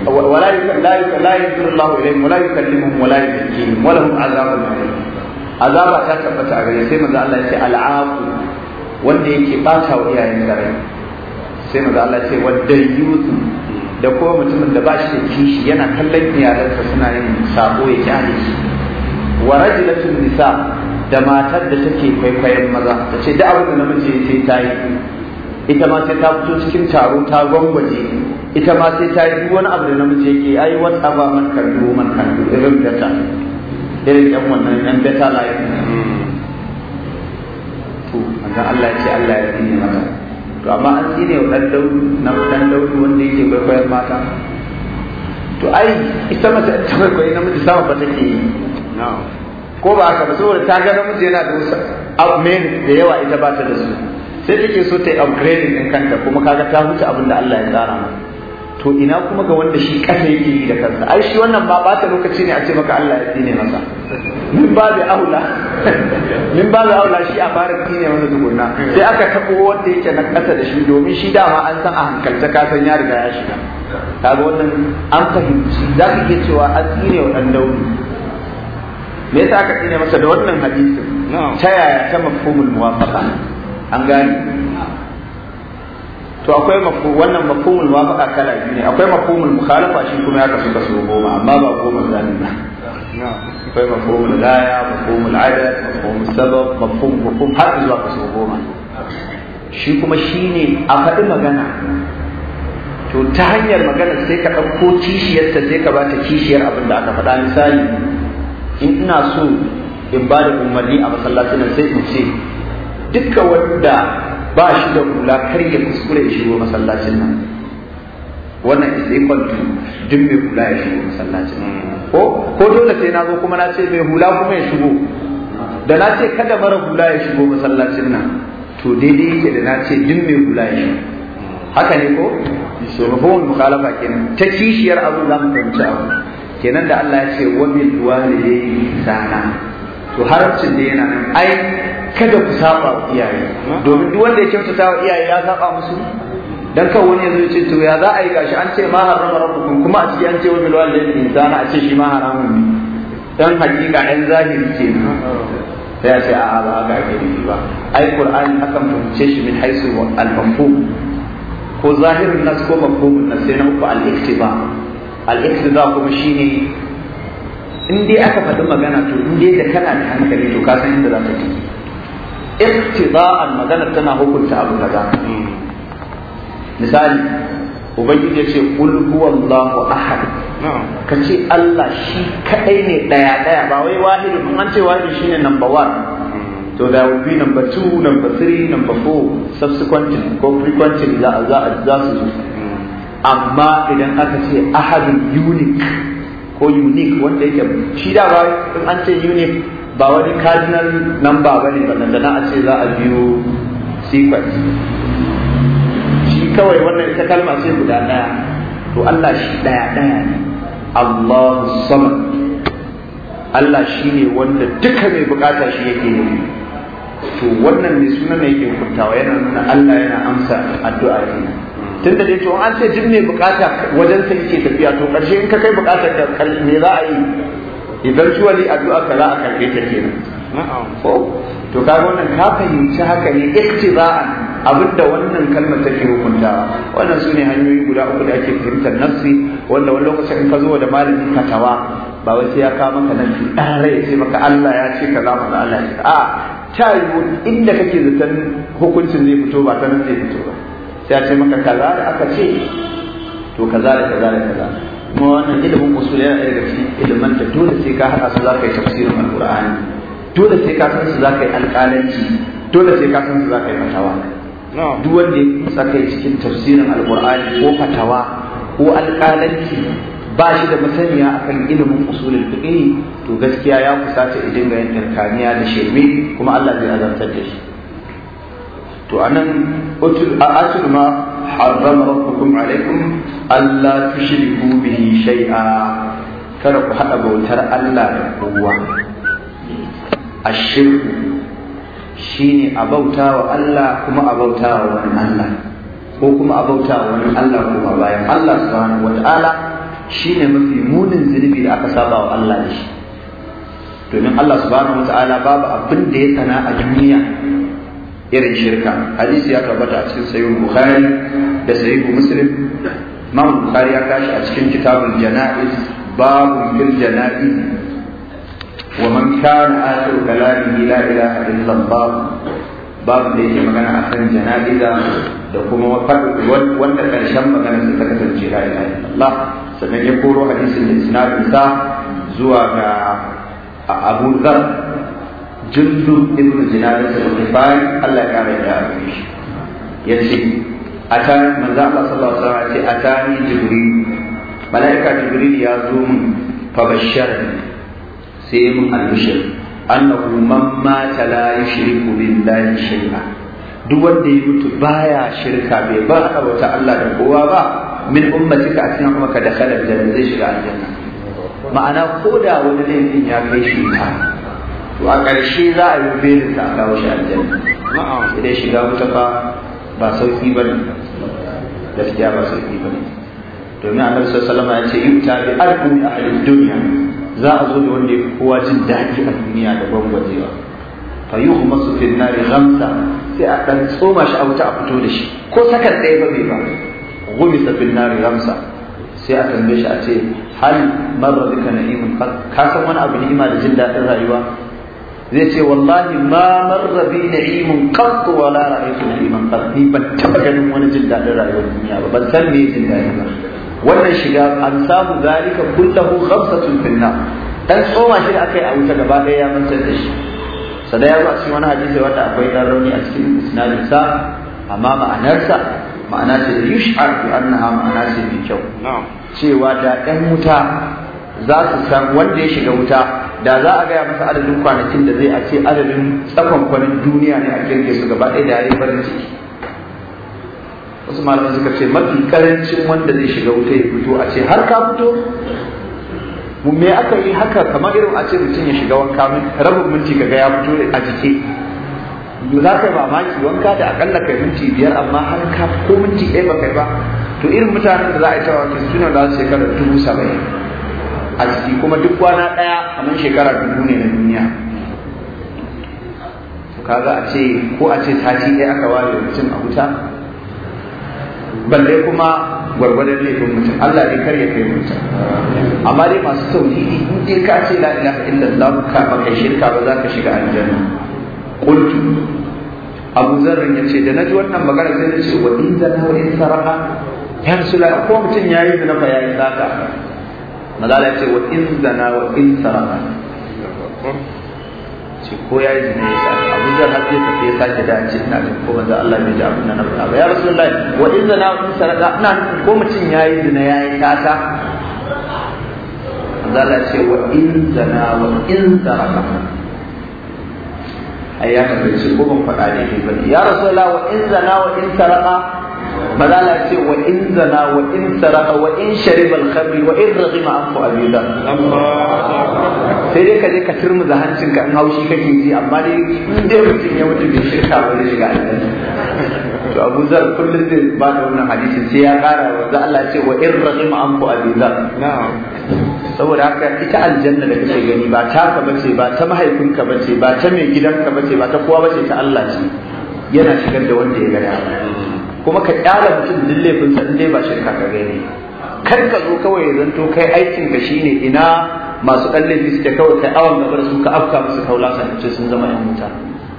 ولا لا ينظر الله اليهم ولا يكلمهم ولا يزكيهم ولهم عذاب اليم عذاب تثبت sai manzo Allah ya ce al'aqu wanda yake bata wa iyayen sarai sai manzo Allah ya ce wadayyut da kuma mutumin da bashi da kishi yana kallon iyalansa suna yin sabo ya kyale shi wa nisa da matar da take kwaikwayon maza ta ce da abin da sai ta yi ita ma sai ta fito cikin taro ta gwangwaje ita ma sai ta yi wani abu da namiji yake ai wata ba man kardu man kardu irin beta irin yan wannan yan beta layin. to ga Allah ya ce Allah ya yi mata to amma an tsine wa dan daudu na dan daudu wanda yake kwaikwayon mata to ai ita ma ta kwaikwayi namiji sama ba take yi ko ba haka ba saboda ta ga namiji yana da wasu abu da yawa ita ba ta da su sai take so ta yi upgrading din kanta kuma kaga ta huce abin da Allah ya tsara mata to ina kuma ga wanda shi kasa yake yi da kansa ai shi wannan ba bata lokaci ne a ce maka Allah ya tsine masa min ba da aula [laughs] min ba da aula shi a fara tsine masa tukunna sai aka tabo wanda yake na kasa da shi domin shi dama an san a hankalta ka san ya riga ya shiga kaga wannan an fahimci za ka iya cewa an tsine wa dan me yasa aka tsine masa da wannan hadisin ta yaya ta mafhumul muwafaqa an gani. to akwai mafhum wannan mafhumul muwafaqa kala biyu ne akwai mafhumul mukhalafa shi kuma ya kasu kaso goma amma ba goma zanin ba akwai mafhumul gaya mafhumul adad mafhumul sabab mafhum mafhum har zuwa kaso goma shi kuma shi ne a faɗi magana to ta hanyar magana sai ka ɗauko kishiyarta sai ka bata kishiyar abin da aka faɗa misali in ina so in ba da umarni a masallacin sai in ce duka wanda ba shi da hula kar ya kuskure ya shigo masallacin nan wannan is equal to duk mai hula ya shigo masallacin ko ko dole sai na zo kuma na ce mai hula kuma ya shigo da na ce kada mara hula ya shigo masallacin nan to daidai yake da na ce duk mai hula ya shigo haka ne ko so mafhumul mukhalafa kenan ta kishiyar abu za mu fahimci abu kenan da Allah ya ce wa ya yi ihsana to haramcin da yana nan ai kada ku saba wa iyaye domin duk wanda ya kyautata wa iyaye ya saba musu dan kan wani yanzu ce to ya za a yi gashi an ce ma harama rabbukum kuma a ciki an ce wa bil walidayni insana a ce shi ma haramun ne dan hakika ɗan zahiri ke sai a ce a ba ga gari ba ai qur'ani akan fahimce shi min haisu al-mafhum ko zahirin nas ko mafhumun nas sai na uku al-iktiba al-iktiba kuma shine in dai aka faɗi magana to in dai da kana da hankali to ka san inda za ta ci iqtida'an magana tana hukunta abu kaza misali ubangiji ya ce qul huwallahu ahad ka ce Allah shi kadai ne daya daya ba wai wahidun in an ce wahidun shine number 1 to da would number 2 number 3 number 4 subsequent ko frequent za za a za su hmm. amma idan aka ce ahadun unique ko unique wanda yake shi da ba in an ce unique ba wani cardinal number ba ne ba na a ce za a biyo sequence shi kawai wannan ita kalma sai guda ɗaya to Allah shi ɗaya ɗaya ne Allah samad Allah shi ne wanda duka mai bukata shi yake ne to wannan mai suna mai yake kuntawa yana nuna Allah yana amsa addu'a kenan tun da dai an ce duk mai bukata wajen sa yake tafiya to karshe in ka kai bukatar ka me za a yi idan eventually addu'a ka za a karbe ta kenan ko to kaga wannan ka fahimci haka ne abin abinda wannan kalmar take hukunta. wannan sune hanyoyi guda uku da ake fahimtar nafsi wanda wani lokacin in ka zo da malami fatawa ba wai sai ya kawo maka nan ɗan rai sai maka Allah ya ce kaza maka Allah ya ce a ta yiwu inda kake zaton hukuncin zai fito ba ta nan zai fito ba sai a ce maka kaza da aka ce to kaza da kaza da kaza kuma wannan ilimin usul yana daga cikin ilimin da dole sai ka haɗa su za ka yi tafsirin alƙur'ani dole sai ka san su za ka yi alƙalanci dole sai ka san su za ka yi fatawa duk wanda ya kusa kai cikin tafsirin alƙur'ani ko fatawa ko alƙalanci ba shi da masaniya akan ilimin usulul fiqh to gaskiya ya kusa ta idin ga yin tarkaniya da shirme kuma Allah zai azantar da shi to anan utul atul ma harrama rabbukum alaikum alla tushriku bihi shay'a kada ku hada bautar Allah da kowa ashirku shine a bauta wa Allah kuma a bauta wa wani Allah ko kuma a bauta wa wani Allah kuma bayan Allah subhanahu wata'ala shine mafi munin zunubi da aka saba wa Allah da shi domin Allah subhanahu wata'ala babu abin da ya sana a duniya irin shirka hadisi ya tabbata a cikin sayyid bukhari da sayyid muslim imam bukhari ya kashi a cikin kitabul janaiz babu bil janaiz wa man kana akhiru kalamihi la ilaha illa allah babu da yake magana akan janaiza da kuma wanda karshen magana ta kasance la ilaha illa allah sannan ya koro hadisin da isnadin sa zuwa ga Abu Dharr jundu ibn jinadat al bayan Allah ya kare da shi yace atani manzo Allah sallallahu alaihi wasallam yace atani jibril malaika jibril ya zo mun fa bashar sai mun albishir annahu man mata la yushriku billahi shay'a duk wanda ya mutu baya shirka bai ba a wata Allah da kowa ba min ummati ka cikin kuma ka dakhala aljanna zai shiga aljanna ma'ana ko da wani laifin ya kai shi ta to a ƙarshe za a yi fere ta a kawo shi aljanna idan shiga wuta ba, ba sauki ba ne gaskiya ba sauki ba ne domin a sallallahu salama ya ce ta bi a halin duniya za a zo da wanda ya kowa jin daɗi a duniya da gwangwajewa fa su fi nari ghamsa sai a ɗan tsoma shi a wuta a fito da shi ko sakan ɗaya ba bai ba sa fi nari ghamsa sai a tambaye shi a ce hal marra bika na'imun ka san wani abu ni'ima da jin daɗin rayuwa zai ce wallahi ma marrabi na'imun qattu wa la ra'aytu na'iman qattu ban taba ganin wani jin dadin rayuwar duniya ba ban san me jin dadin ba wannan shiga an samu zalika kullahu ghamsatun fil dan tsoma shi da akai a wuta gaba ɗaya ya mantar da shi sada ya cikin wani hadisi wanda akwai dan rauni a cikin isnadin sa amma ma'anarsa ma'ana ce da yush'ar bi annaha ma'ana ce mai kyau cewa da ɗan wuta za su san wanda ya shiga wuta da za a gaya masa adadin kwanakin da zai a ce adadin tsakon kwanin duniya ne a kirge su gaba ɗaya da ya yi farin ciki wasu malaman suka ce mafi karancin wanda zai shiga wuta ya fito a ce har ka fito mu me aka yi haka kamar irin a ce mutum ya shiga wanka min rabin minti ga ya fito a jike za ka yi mamaki wanka da akalla kai minti biyar amma har ka ko minti ɗaya ba kai ba to irin mutanen da za a yi tawa suna da shekara shekarar dubu saba'in a ciki kuma duk kwana ɗaya kamar shekara dubu ne na duniya to kaga a ce ko a ce sati ɗaya aka ware mutum a wuta balle kuma gwargwadon laifin mutum Allah dai kar ya kai mutum amma dai masu tauhidi in dai ka ce la ilaha illallah ka ba kai shirka ba za ka shiga aljanna qultu Abu Zarr ya ce da naji wannan magana sai na ce wa in zana wa in saraka ya rasula ko mutum yayi zina fa yayi zaka mazala ce wa in zana wa in ce ko ya yi zina ya sa zan sake da ce ina ko manzo Allah bai ji abin nan ba ya rasulullahi wa in zana wa in ina ko mutum ya yi zina ya yi ce wa in zana wa in ai ya ce ko ban faɗa ne ya rasulullahi wa in zana wa in mazala ce wa in zana wa in saraka wa in shariba alkhamri khamri wa in raghima anfu abida sai dai ka je ka da hancin ka in haushi kake ji amma dai in dai mutum ya mutu bai shirka ba zai shiga aljanna to Abu Zar kullum zai ba da wannan hadisin sai ya kara wa za Allah ce wa in raghima anfu abida saboda haka ita aljanna da kake gani ba ka bace ba ta mahaifinka bace ba ta mai gidanka bace ba ta kowa bace ta Allah ce yana shigar da wanda ya ga dama kuma ka kyala mutum duk laifin sa dai ba shirka ka gani kar ka zo kawai ya zanto kai aikin ka shine ina masu dan suke kawai kai awan gaba da su ka afka musu kaula sanance sun zama yan wuta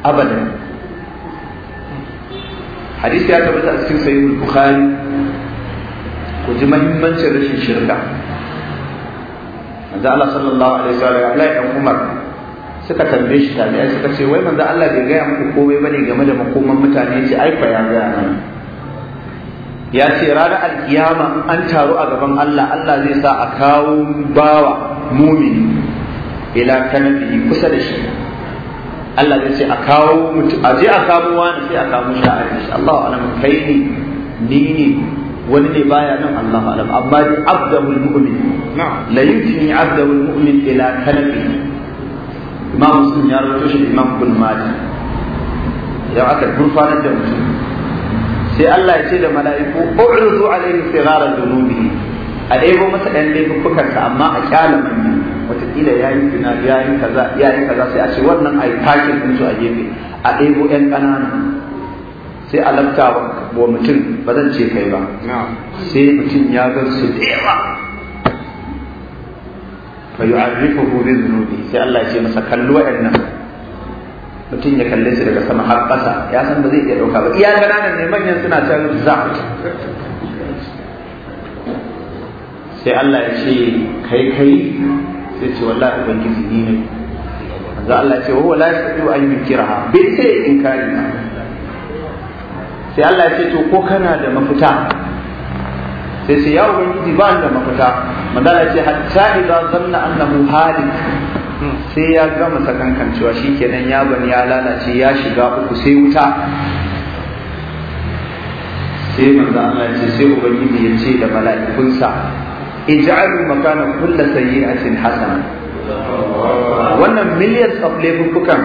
abadan hadisi ya tabbata a cikin sahih bukhari ku ji muhimmancin rashin shirka manzo Allah sallallahu alaihi wa sallam Abdullahi dan Umar suka tambaye shi tabi'ai suka ce wai manzo Allah bai gaya muku komai bane game da makoman mutane ce ai fa ya gaya nan ya ce ranar alkiyama an taru a gaban Allah Allah zai sa a kawo bawa mumini ila kanafi kusa da shi Allah zai ce a kawo mutu a je a kawo wani sai a kawo shi a aiki Allah alam kai ne ni ne wani ne baya nan Allah alam amma dai abdul mu'min la yumkinu abdul mu'min ila kanafi Imam Muslim ya rawaito shi Imam Bukhari ya aka gurfanar da mutum sai Allah ya ce da mala'iku u'ridu alaihi sighara dhunubi a ɗebo masa ɗan laifukan sa amma a kyala manya wataƙila ya yi fina kaza kaza sai a ce wannan a yi takin ɗin su a gefe a ɗebo 'yan ƙanana sai a lafta wa mutum ba zan ce kai ba sai mutum ya gan su da yawa fa bi dhunubi sai Allah ya ce masa kallo wa'annan mutum ya kalle su daga sama har ƙasa ya san ba zai iya ɗauka ba iya ƙananan ne manyan suna can za sai Allah ya ce kai kai sai ce wallahi ubangiji ni ne manzo Allah ya ce wa la yastati an yukiraha bai sai in inkari sai Allah ya ce to ko kana da mafita sai sai ya ubangiji ba da mafita manzo Allah ya ce hatta idza zanna annahu halik sai ya gama sakankancewa ke nan ya bani ya lalace ya shiga uku sai wuta sai manzo Allah ya ce sai ubangiji ya ce da mala'ikunsa ij'alu makana kulli sayyi'atin hasana wannan millions of laifukan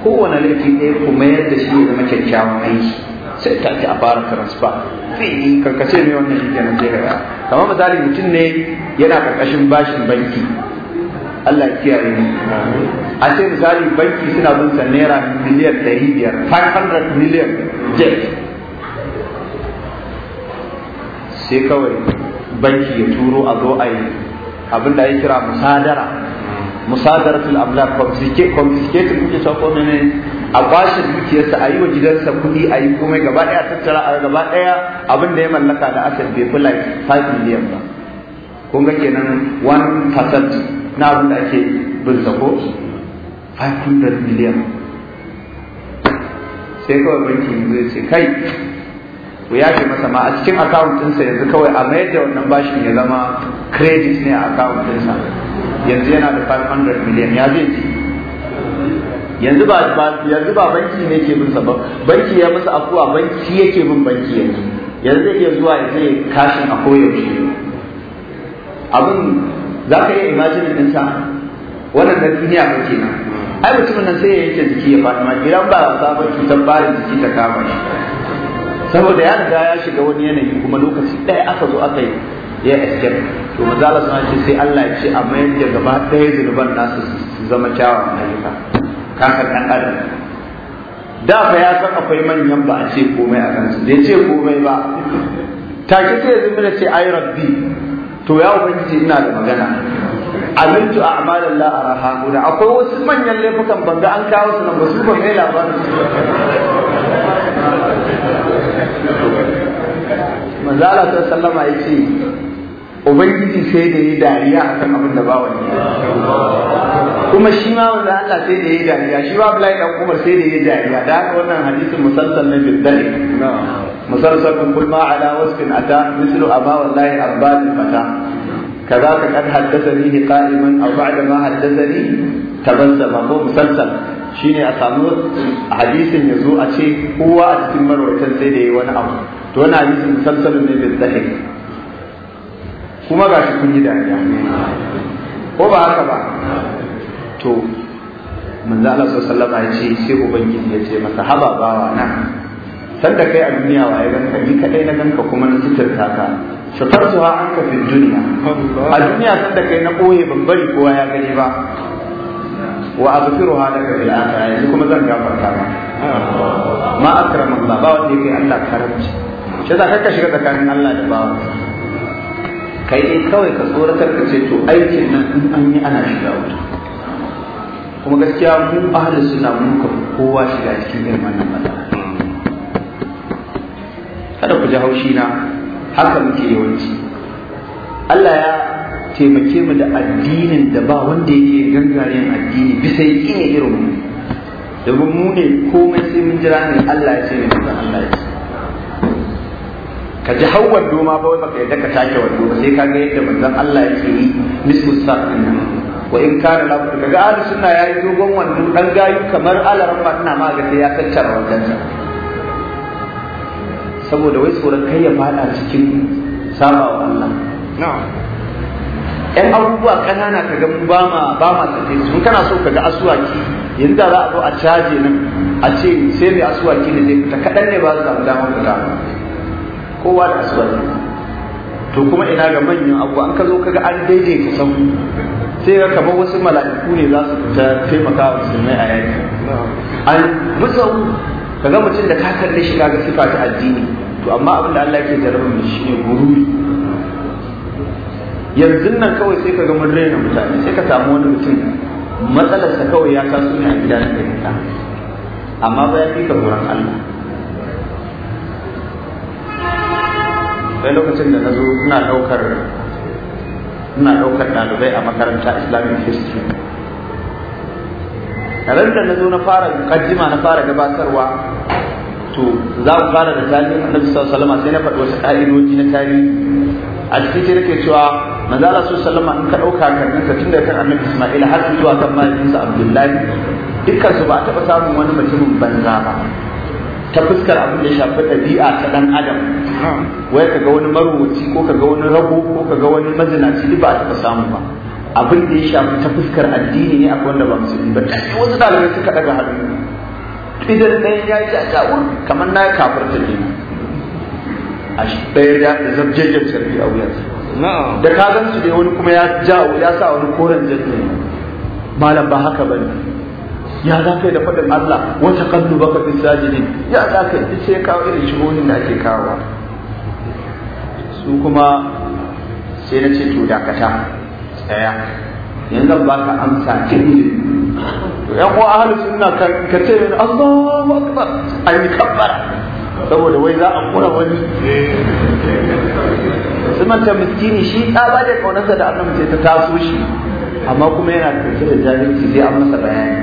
kowane laifi ɗaya ku mayar da shi zama kyakkyawan aiki sai ta ce a fara transfer fi karkace ne wannan shi kenan sai kaga kamar misali mutum ne yana karkashin bashin banki Allah kiyaye mu a ce misali banki suna bin sa naira miliyan 500 500 miliyan jet sai kawai banki ya turo a zo a yi abin da ya kira musadara fil amlak confiscated kuke cewa ko ne a kwashe dukiyarsa a yi wa gidansa kuɗi a yi komai gaba ɗaya tattara a gaba ɗaya abin da ya mallaka da asal bai fi like 5 million ba kun ga kenan 1 percent na abin da ake bin ko 500 miliyan sai kawai banki zai ce kai ku yafe masa ma a cikin account yanzu kawai a mayar da wannan bashin ya zama credit ne a account yanzu yana da 500 miliyan ya zai ci yanzu ba yanzu ba banki ne ke bin sabon banki ya musu afuwa banki yake bin banki yanzu yanzu zai iya zuwa ya zai kashin a koyaushe abin za ka iya imajinin ɗinsa wannan na duniya ba ke nan ai mutumin nan sai ya yanke jiki ya faɗi ma idan ba ba ba cutar barin jiki ta kama shi saboda ya riga ya shiga wani yanayi kuma lokaci ɗaya aka zo aka yi ya escape to manzala sun ce sai Allah ya ce a mayar da gaba ɗaya zunuban nasu su zama kyawawan ayyuka kakar ɗan adam da fa ya san akwai manyan ba a ce komai a kansu da ya ce komai ba take sai ya zama da ce ai rabbi to ya ubangiji ina da magana amintu a amalan la araha guda akwai wasu manyan laifukan banga an kawo su nan ba su ban labarin manzo Allah sallama yace ubangiji sai da yi dariya akan abin da ba wani kuma shi ma wanda Allah sai da yi dariya shi ba bala'i da kuma sai da yi dariya da haka wannan hadisin musalsal na bidda مسلسل كل ما على وصف أتى مثل أبا والله أرباب الفتى كذاك قد حدثني قائما أو بعد ما حدثني تبسم هو مسلسل shine a samu hadisin ya zo a ce kowa a cikin marwaitan sai da yi wani abu to wani hadisin musalsalin ne bin zahi kuma ga shi kun yi dariya ko ba haka ba to manzo Allah sallallahu alaihi sai ubangiji ya ce masa haba bawa na sanda kai a duniya wa ya ganka ni kadai na ganka kuma na suturta ka an ka fi duniya a duniya sanda kai na koye ban kowa ya gani ba wa aghfiruha laka fil ya yanzu kuma zan gafarta ma ma akramallah ba wanda yake Allah karanci. shi za ka shiga tsakanin Allah da bawa kai ne kawai ka tsoratar ka ce to aikin nan in an yi ana shiga wuta kuma gaskiya mun ahalin suna mun kowa shiga cikin irin wannan matsala kada ku ji haushi na haka muke yawanci Allah ya taimake mu da addinin da ba wanda yake gangaren addini bisa yake ne irin mu Da mu ne komai sai mun jira ne Allah ya ce ne da Allah ya ce ka ji hawar doma ba wai baka yadda ka take wando ba sai ka ga yadda manzon Allah ya ce nisfu sa'in wa in kana la ka ga suna sunna yayi dogon wando dan gayu kamar alaran ba ina ma ga sai ya taccara wannan saboda wai tsoron kai ya fada cikin saba wa Allah yan abubuwa ƙanana ka ga ba ma ba ma tsaye su kana so ka ga asuwaki yanzu za a zo a caje nan a ce sai mai asuwaki ne zai fita kaɗan ne ba su da damar fita kowa da asuwaki to kuma ina ga manyan abu an ka zo ka ga an daidaita san sai ga kamar wasu mala'iku ne za su fita taimaka wa musulmai a yaki an musawu Ka ga mutum da ka kalle shi ga sifa ta addini to amma abin da Allah ke jarabar mu shi ne gururi yanzu nan kawai sai ga mun raina mutane sai ka samu wani mutum matsalar sa kawai ya taso ne a gida na fahimta amma ba ya fi ka Allah sai lokacin da na zo ina ɗaukar ina ɗaukar ɗalibai a makarantar islamic history ran da na zo na fara mukaddima na fara gabatarwa to za ku fara da a annabi sallallahu alaihi sai na faɗi wasu ƙa'idoji na tarihi a cikin sai nake cewa manzo Allah sallallahu in ka ɗauka karninsa tun tunda kan annabi Isma'il har zuwa kan mahaifinsa Abdullahi dukkan su ba a taɓa samun wani mutumin banza ba ta fuskar abin da shafi ɗabi'a ta ɗan adam wai ka ga wani marubuci ko ka ga wani rago ko ka ga wani mazinaci duk ba a taɓa samu ba abin da ya shafi ta fuskar addini ne akwai wanda ba musulmi ba ta wasu dalibai suka daga hannu idan ɗaya ya yi jajawar kamar na ta ne a ɗaya ya da zabjejjen sarki a wuyansa da ka gan su ne wani kuma ya jawo ya sa wani koren jannu malam ba haka bane ya za kai da faɗin Allah wata kallu baka fi sajidin ya za kai yi ce kawo irin shigohin da ake kawo su kuma sai na ce to dakata daya yanzu zan baka amsa kiri to yan uwa ahli suna ka ce Allahu akbar ai saboda wai za a kura wani sunan ta miskini shi ba da kaunarsa da annabi sai ta taso shi amma kuma yana dauke da jahilci sai an masa bayani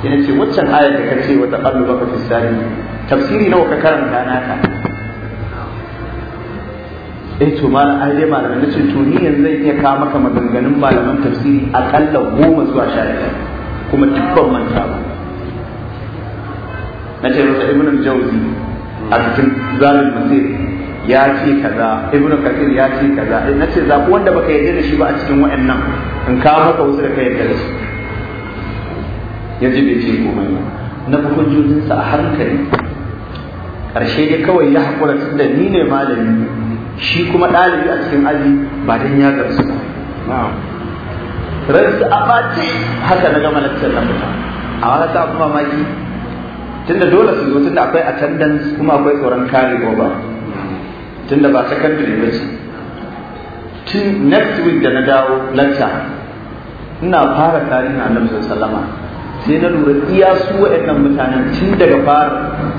sai ne ce waccan ayar da kace wata qallu ka fi tafsiri nawa ka karanta naka eh to ma an dai malamai nace to ni yanzu zan iya kawo maka maganganun malaman tafsiri akalla goma zuwa sha kuma dubban manta ba ce masa ibn al-jawzi a cikin zalim mutum ya ce kaza ibn kathir ya ce kaza eh, nace ce zaku wanda baka yarda da shi ba a cikin wa'annan in kawo maka wasu da ka yarda da su yaji bai ce komai ba na bukun jujinsa a hankali ƙarshe dai kawai ya haƙura tunda ni ne malami shi kuma ɗalibi a cikin aji ba dan ya gamsu ba ransu a ɓace haka na gama lakcin nan mutum a wani ta maki, tun tunda dole su zo tunda akwai attendance kuma akwai tsoron karewa ba tunda ba secondary ba ce tun next week da na dawo lakta ina fara tarihin annabi sallama sai na lura iya su waɗannan mutanen tun daga fara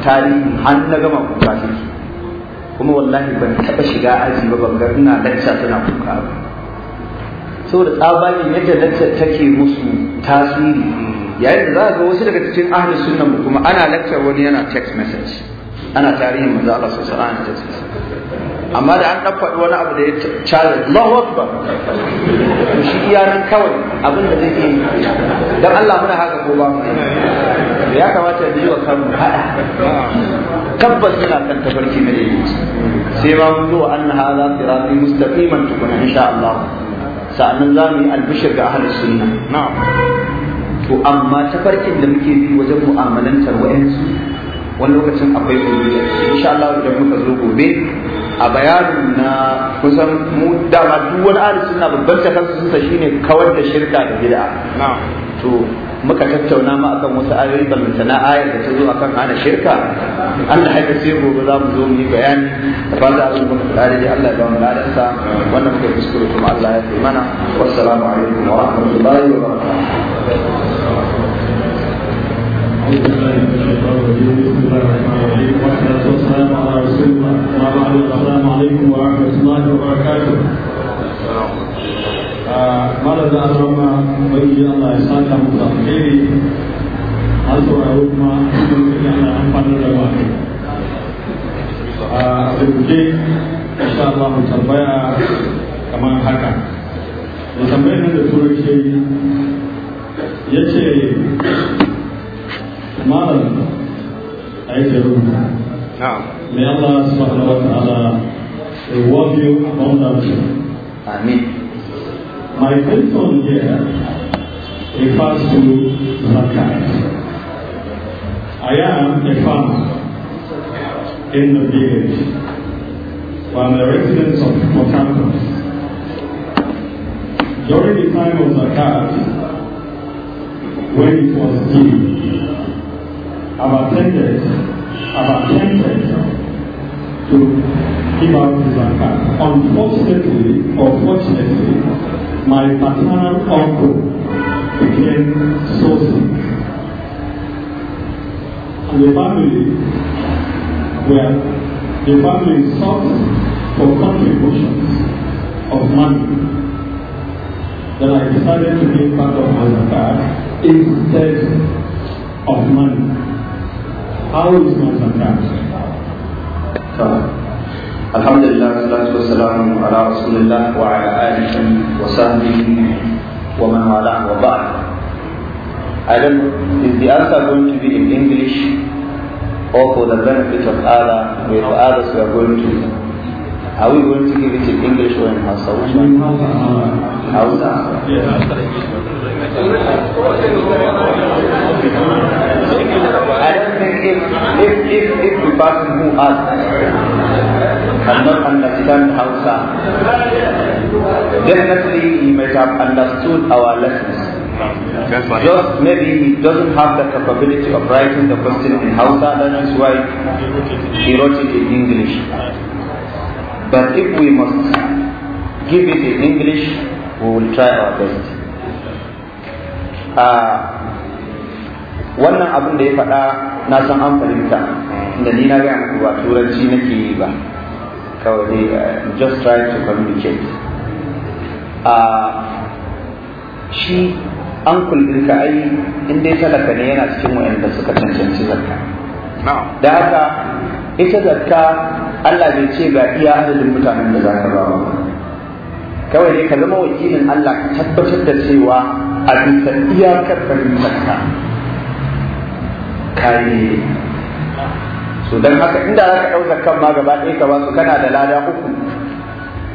tarihin har na gama kuka suke kuma wallahi ban taɓa shiga aji ba ban ga ina lacca tana kuka ba saboda tsabanin yadda lacca take musu tasiri yayin da za ga wasu daga cikin ahli sunna kuma ana lacca wani yana text message ana tarihin manzo Allah sallallahu alaihi wasallam text amma da an faɗi wani abu da ya challenge Allahu Akbar to shi nan kawai abin da zai yi dan Allah muna haka ko ba mu ya kamata mu yi wa kanmu hada tabbas yana kan tafarki na daidai sai ma mun zo an hada sirati mustaqiman tukuna insha Allah sa'annan za mu yi albishir ga ahlus sunna na'am to amma tafarkin da muke bi wajen mu'amalantar wa'ansu wani lokacin akwai kuliya insha Allah idan muka zo gobe a bayanin na kusan mu dama duk wani ahlus sunna babban tafarkin sa shine kawar da shirka da bid'a na'am to muka tattauna ma akan wasu ayoyi balanta na ayar da ta zo akan hana shirka Allah haka sai gobe za mu zo mu yi bayani da fata abin da muka Allah ya ba mu ladansa wannan muke kuskure kuma Allah ya fi mana wassalamu alaikum wa rahmatullahi wa barakatuh السلام عليكم ورحمة الله وبركاته mara da alama wani Allah ya saka mu da alheri an sauraro kuma cikin suke ana amfanar da ba a rubuce insha Allah mu tambaya kamar haka da tambayar da turanci ya ce malam a yi rubuta May Allah subhanahu wa ta'ala reward you abundantly. Amin. My first one here refers to zakat. I am a farmer in the village. I'm a resident of Mokampo. During the time of Zakat, when it was due, I've attended, I've attempted to give out the Zakat. Unfortunately, or fortunately, my paternal uncle became so sick. And the family, well, the family sought for contributions of money that I decided to give part of my zakat instead of money. How is my zakat? Sorry. الحمد لله والصلاة والسلام على رسول الله وعلى آله وصحبه ومن والاه وبعد Adam, is the answer going to be in English or for the benefit of other, others we are going to? Are we going to give it in English or in Hausa? Which one? Hausa? I don't think if, if, if, if the person who asks Allah not understand Hausa. Definitely he might have understood our lessons. Just maybe he doesn't have the capability of writing the question in Hausa, that is why he wrote it in English. But if we must give it in English, we will try our best. Ah, wannan abin da ya faɗa na san an fahimta da ni na gaya muku ba turanci nake yi ba kawai dai uh, just try to communicate a uh, shi an ka ai in dai talaka ne yana cikin wa'anda suka cancanci zakka da haka ita zakka Allah bai ce ga iya adadin mutanen da za ka ba ba kawai dai ka zama wakilin Allah ka tabbatar da cewa a bisa iyakar fahimtar ka kayi to dan haka inda za ka ɗau zakkan ma gaba ɗaya ka basu kana da lada uku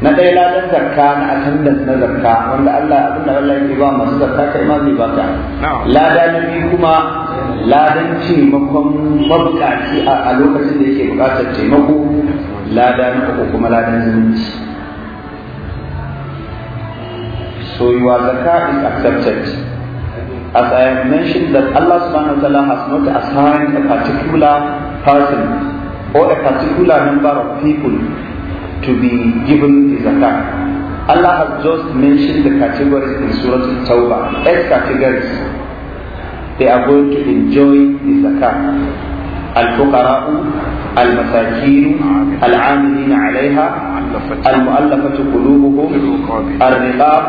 na ɗaya ladan zakka na da na zakka wanda Allah abin da Allah yake ba masu zakka kai ma zai baka lada na biyu kuma ladan makon mabukaci a lokacin da yake bukatar taimako lada na uku kuma ladan zumunci so you are zakah is accepted as I have mentioned that Allah subhanahu wa ta'ala has not assigned a particular person or a particular number of people to be given the zakat. Allah has just mentioned the categories in Surah Al-Tawbah, eight categories. They are going to enjoy the zakat. الفقراء المساكين العاملين عليها المؤلفة قلوبهم الرقاب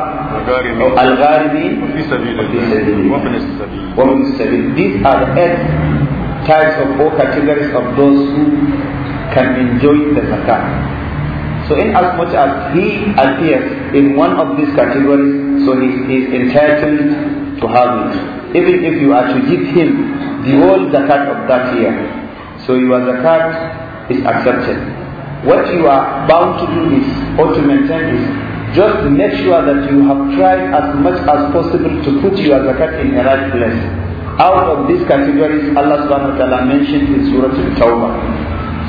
الغاربين وفي سبيل الله al السبيل These are the eight types of or categories of those who can enjoy the zakat So in as much as he appears in one of these categories, so he is entitled to have it. Even if you are to give him the whole zakat of that year, so your zakat is accepted. What you are bound to do is, or to maintain is, just make sure that you have tried as much as possible to put your zakat in the right place. Out of these categories, Allah subhanahu wa ta'ala mentioned in Surah Al-Tawbah.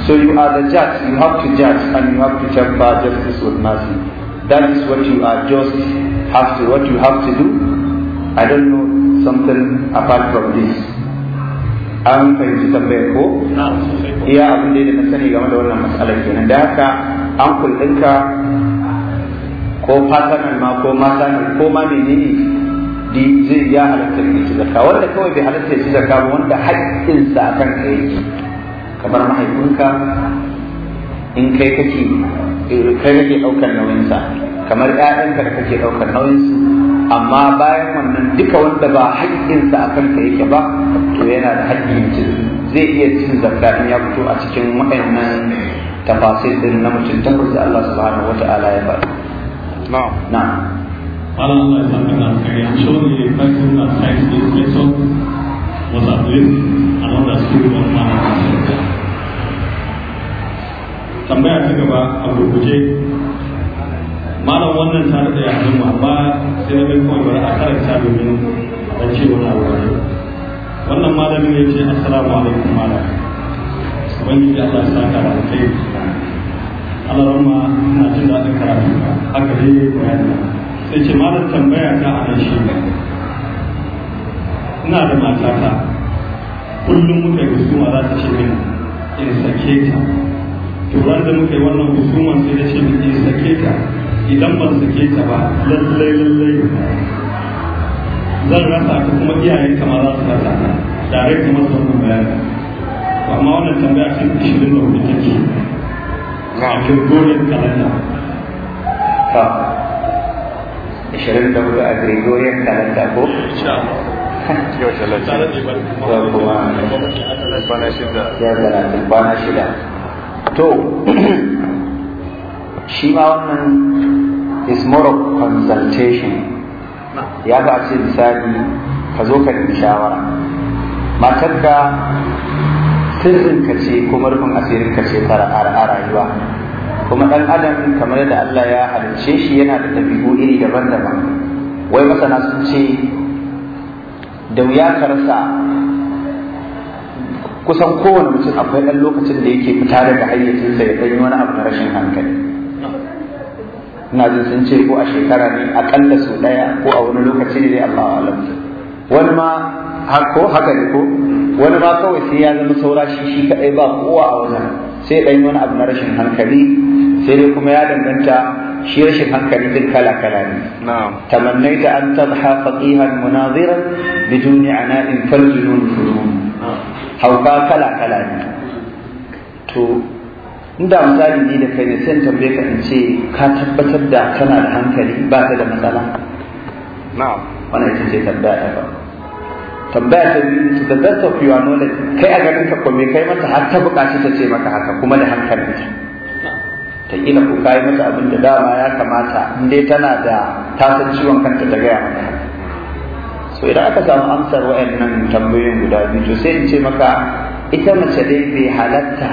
So you are the judge, you have to judge and you have to temper justice with mercy. That is what you are just have to, what you have to do. I don't know something apart from this. An fahimci tambayar ko? Iya abin da na sani game da wannan matsalar kenan. Da haka an kulɗinka ko fatanar ma ko masanar ko ma menene shi zai ya halatta ne ci zakka wanda kawai bai halatta ya ci zakka ba wanda haƙƙinsa a kan ka yake kamar mahaifinka in kai kake eh, kai kake ɗaukar nauyinsa kamar ƴaƴanka da kake ɗaukar nauyinsu amma bayan wannan duka wanda ba haƙƙinsa a kan ka yake ba to yana da haƙƙin ci zai iya cin zakka in ya fito a cikin waɗannan tafasir din na mutum takwas da Allah subhanahu wata'ala ya faɗi. Na'am. Allah is something that's scary. I'm sure the person that cites this lecture was at least an understood what man has said. Tambaya ta gaba a gurguje malam wannan ta da ya hannu amma sai na bai kawai bari a karanta domin dan ce wani abu wannan malamin ya ce assalamu alaikum malam ubangiji Allah ya saka da kai Allah rahma ina jin daɗin karatu haka dai bayani sai ce malam tambaya ta a shi ina da matata kullum muka yi husuma za ta ce min in sake ta turar da muka yi wannan husuman sai da ce min in sake ta idan ban sake ta ba lallai lallai zan rasa ta kuma iyayen kama za su rasa ta tare da masa wannan bayani amma wannan tambaya sun shirin da wani take na dole kalanda 24 a Gregorian calendar ko? shida. To, [clears throat] shi ma wannan is more of consultation. Ya ba ce misali ka zo ka nemi shawara. Matar Matarka sirrinka ce kuma rufin asirinka ce a rayuwa. kuma ɗan adam kamar da Allah ya halicce shi yana da ɗabi'u iri daban-daban wai masana sun ce da wuya ka rasa kusan kowane mutum akwai ɗan lokacin da yake fita daga hayyacinsa ya ɗanyi wani abu na rashin hankali ina jin sun ce ko a shekara ne aƙalla sau ɗaya ko a wani lokaci ne dai Allah alam wani ma hako haka ne ko wani ma kawai sai ya zama saura shi shi kaɗai ba kowa a wajen sai ɗan wani abu na rashin hankali sai dai kuma ya danganta shi rashin hankali din kala kala ne tamannaita an tadha faqihan munaziran biduni ana'in faljunun furun hauka kala kala ne to inda misali ni da kai ne sai tambaye ka in ce ka tabbatar da kana da hankali ba ka da matsala na'am wannan ita ce tambaya ba tambaya ta biyu to the best of your knowledge kai a ganin ka kome kai mata har ta buƙaci ta ce maka haka kuma da ta ta kila ko kayi mata abin da dama ya kamata in dai tana da tasan ciwon kanta ta gaya maka so idan aka samu amsar wayannan tambayoyin guda biyu to sai in ce maka ita mace dai bai halatta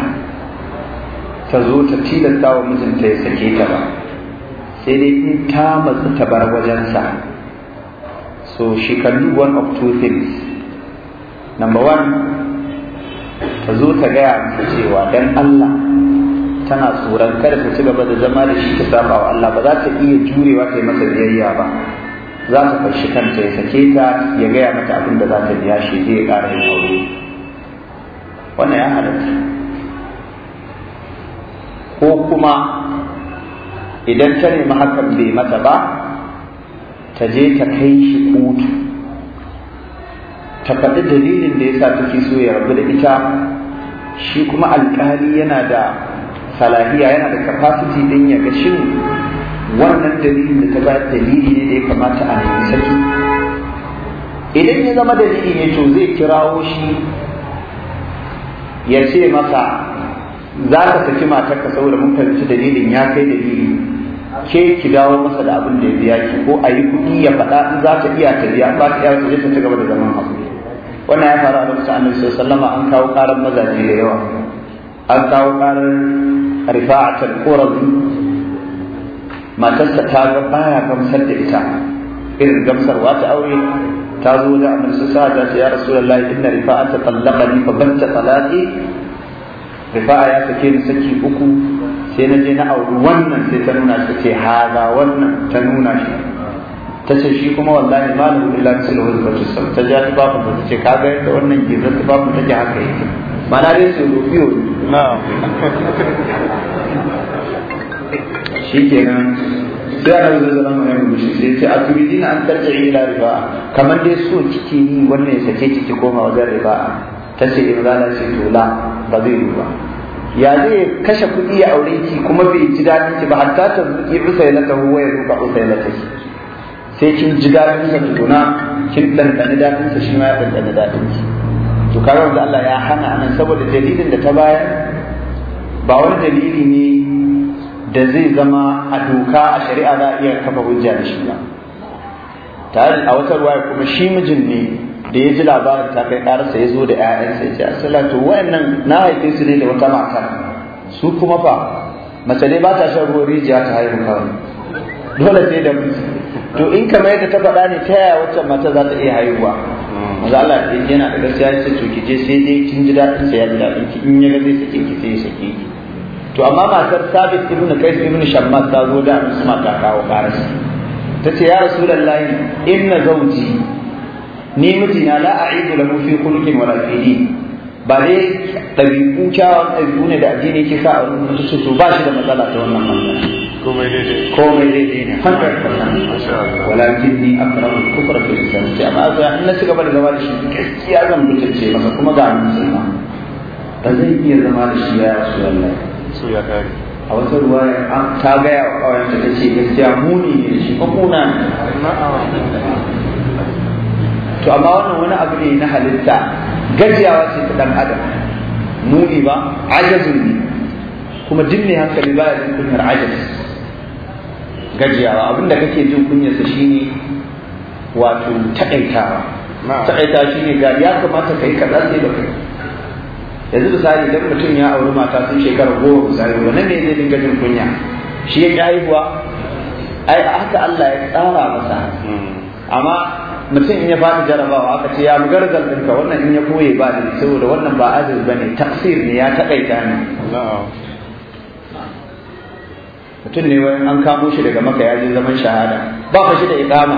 ta zo ta tilasta wa mijinta ya sake ta ba sai dai in ta matsu ta bar wajensa so shekaru can do one of two things number one ta zo ta gaya masa cewa dan Allah tana tsoron kada ta ci gaba da zama da shi ta saba wa Allah ba za ta iya jurewa ta yi masa biyayya ba za ta fashi kanta ya sake ta ya gaya mata abin da za ta biya shi zai ƙara yin aure wannan ya halatta ko kuma idan ta nemi hakan bai mata ba ta je ta kai shi kotu ta faɗi dalilin da ya sa take so ya rabu da ita shi kuma alƙali yana da salahiya yana da capacity din ya ga shin wannan dalilin da ta ba dalili ne da ya kamata a nemi saki idan ya zama dalili ne to zai kirawo shi ya ce masa za ka saki matarka saboda mun fahimci dalilin ya kai dalili ke ki dawo masa da abin da ya biya ki ko a yi kuɗi ya faɗa in za ta iya ta biya ba ta iya ta je ta gaba da zaman haƙuri. wannan ya faru a lokacin annabi sallallahu alaihi wasallam an kawo karar mazaje da yawa an kawo karar rifa'a al-qurabi matarsa ta ga baya gamsar da ita irin gamsarwa ta aure ta zo da amin su sa ta ya rasulullahi inna rifa'a ta ni fa banta talaqi rifa'a ya sake ni saki uku sai na je na auri wannan sai ta nuna shi ce haza wannan ta nuna shi ta ce shi kuma wallahi malu illa misalu hudbatu sam ta ja babu ta ce kaga yadda wannan gizar babu take haka yake Ba dai surufiyo shi sai a zama mai rubuci sai a turidi na an tarje riba so kike yi wannan ya sake koma wajen riba ta ce in rana ce ba zai ya zai kashe kuɗi ya aure ki kuma bai ji daɗin ki ba hatta ta zuƙi ya ruka sai kin ji daɗin sa tuna kin ɗanɗani daɗin shi ma ya ɗanɗani daɗin ki to kaga wanda Allah ya hana anan saboda dalilin da ta bayar ba wani dalili ne da zai zama a doka a shari'a za a iya kafa hujja da shi ba tare a wata ruwaya kuma shi mijin ne da ya ji labarin ta kai ƙararsa ya zo da 'ya'yansa ya ce asalatu wa'annan na haife su ne da wata mata su kuma fa mace ne ba ta shan ruwan rijiya ta haihu kawai dole sai da to in kamar yadda ta faɗa ne ta yaya wata mata za ta iya haihuwa maza Allah ya yake yana da gaskiya ya ce je sai dai kin ji dadin sa ya ji ki in ya ga zai ki sai ya ki to amma matar Sabit ibn Qais ibn shammat ta zo da Usman ta kawo karas ce ya Rasulullahi inna zawji ni mijina la a'idu lahu fi khuluqin wala fi ba dai ɗabi'u kyawawan ɗabi'u ne da addini ke sa a wurin mutu ba shi da matsala ta wannan bangaren komai daidai komai daidai ne hundred percent walakin ni akramu kufra fil islam sai amma ga in na ci gaba da zama da shi gaskiya zan mutunce masa kuma ga musulma ba zai iya zama da shi ya rasu lallai so ya kare a wata ruwaya ta gaya wa kawai ta ce gaskiya muni ne da shi ko kuna to amma wannan wani abu ne na halitta gajiyawa ce ta dan adam muni ba ajazun ne kuma duk mai hankali baya jin kunyar ajaz gajiyawa da kake jin kunyarsa shine wato taƙaita shi shine ga ya kamata kai kaza sai kai yanzu misali idan mutum ya auri mata sun shekara goma misali wani ne zai dinga jin kunya shi ya haihuwa ai haka Allah ya tsara masa hmm. amma mutum in ya fadi jarabawa aka ce ya mugargal ɗinka wannan in ya koye ba ne saboda wannan ba adil ba ne taksir ne ya taƙaita ne mutum ne wai an kamo shi daga maka ya zaman shahada ba ka shi da ikama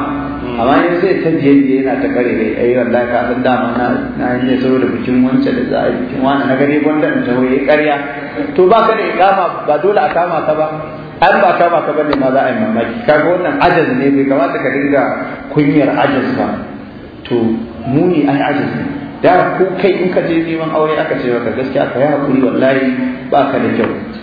amma in zai ta biye biye yana ta kare rai ai wallahi ka san dama na na ne so da bikin wancan da za a yi bikin wani na gare gwanda in tawo ya ƙarya to ba ka da ikama ba dole a kama ka ba an ba kama ka bane ma za a yi mamaki kaga wannan ajaz ne bai kamata ka dinga kunyar ajaz ba to muni ai ajaz ne da ko kai in ka je neman aure aka ce maka gaskiya ka yi hakuri wallahi ba ka da kyau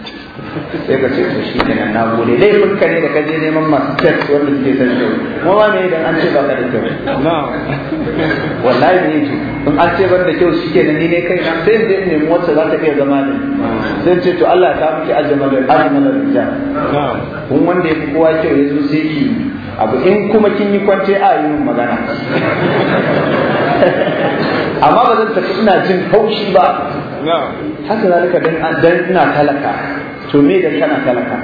sai ka ce to shi ne na gode dai ka ne da ka je neman masu kyau wanda suke san shi kuma ba ne idan an ce ba ka da kyau wallahi ne ji in an ce ban da kyau shi ke nan ni ne kai na sai je ne mu wata za ta iya zama ne sai ce to Allah ta miki aljama da aljama da rija kun wanda ya fi kowa kyau ya zo sai ki abu in kuma kin yi kwance a yi magana [laughs] amma ba zan tafi ina jin haushi ba haka zalika dan ina talaka to me da kana talaka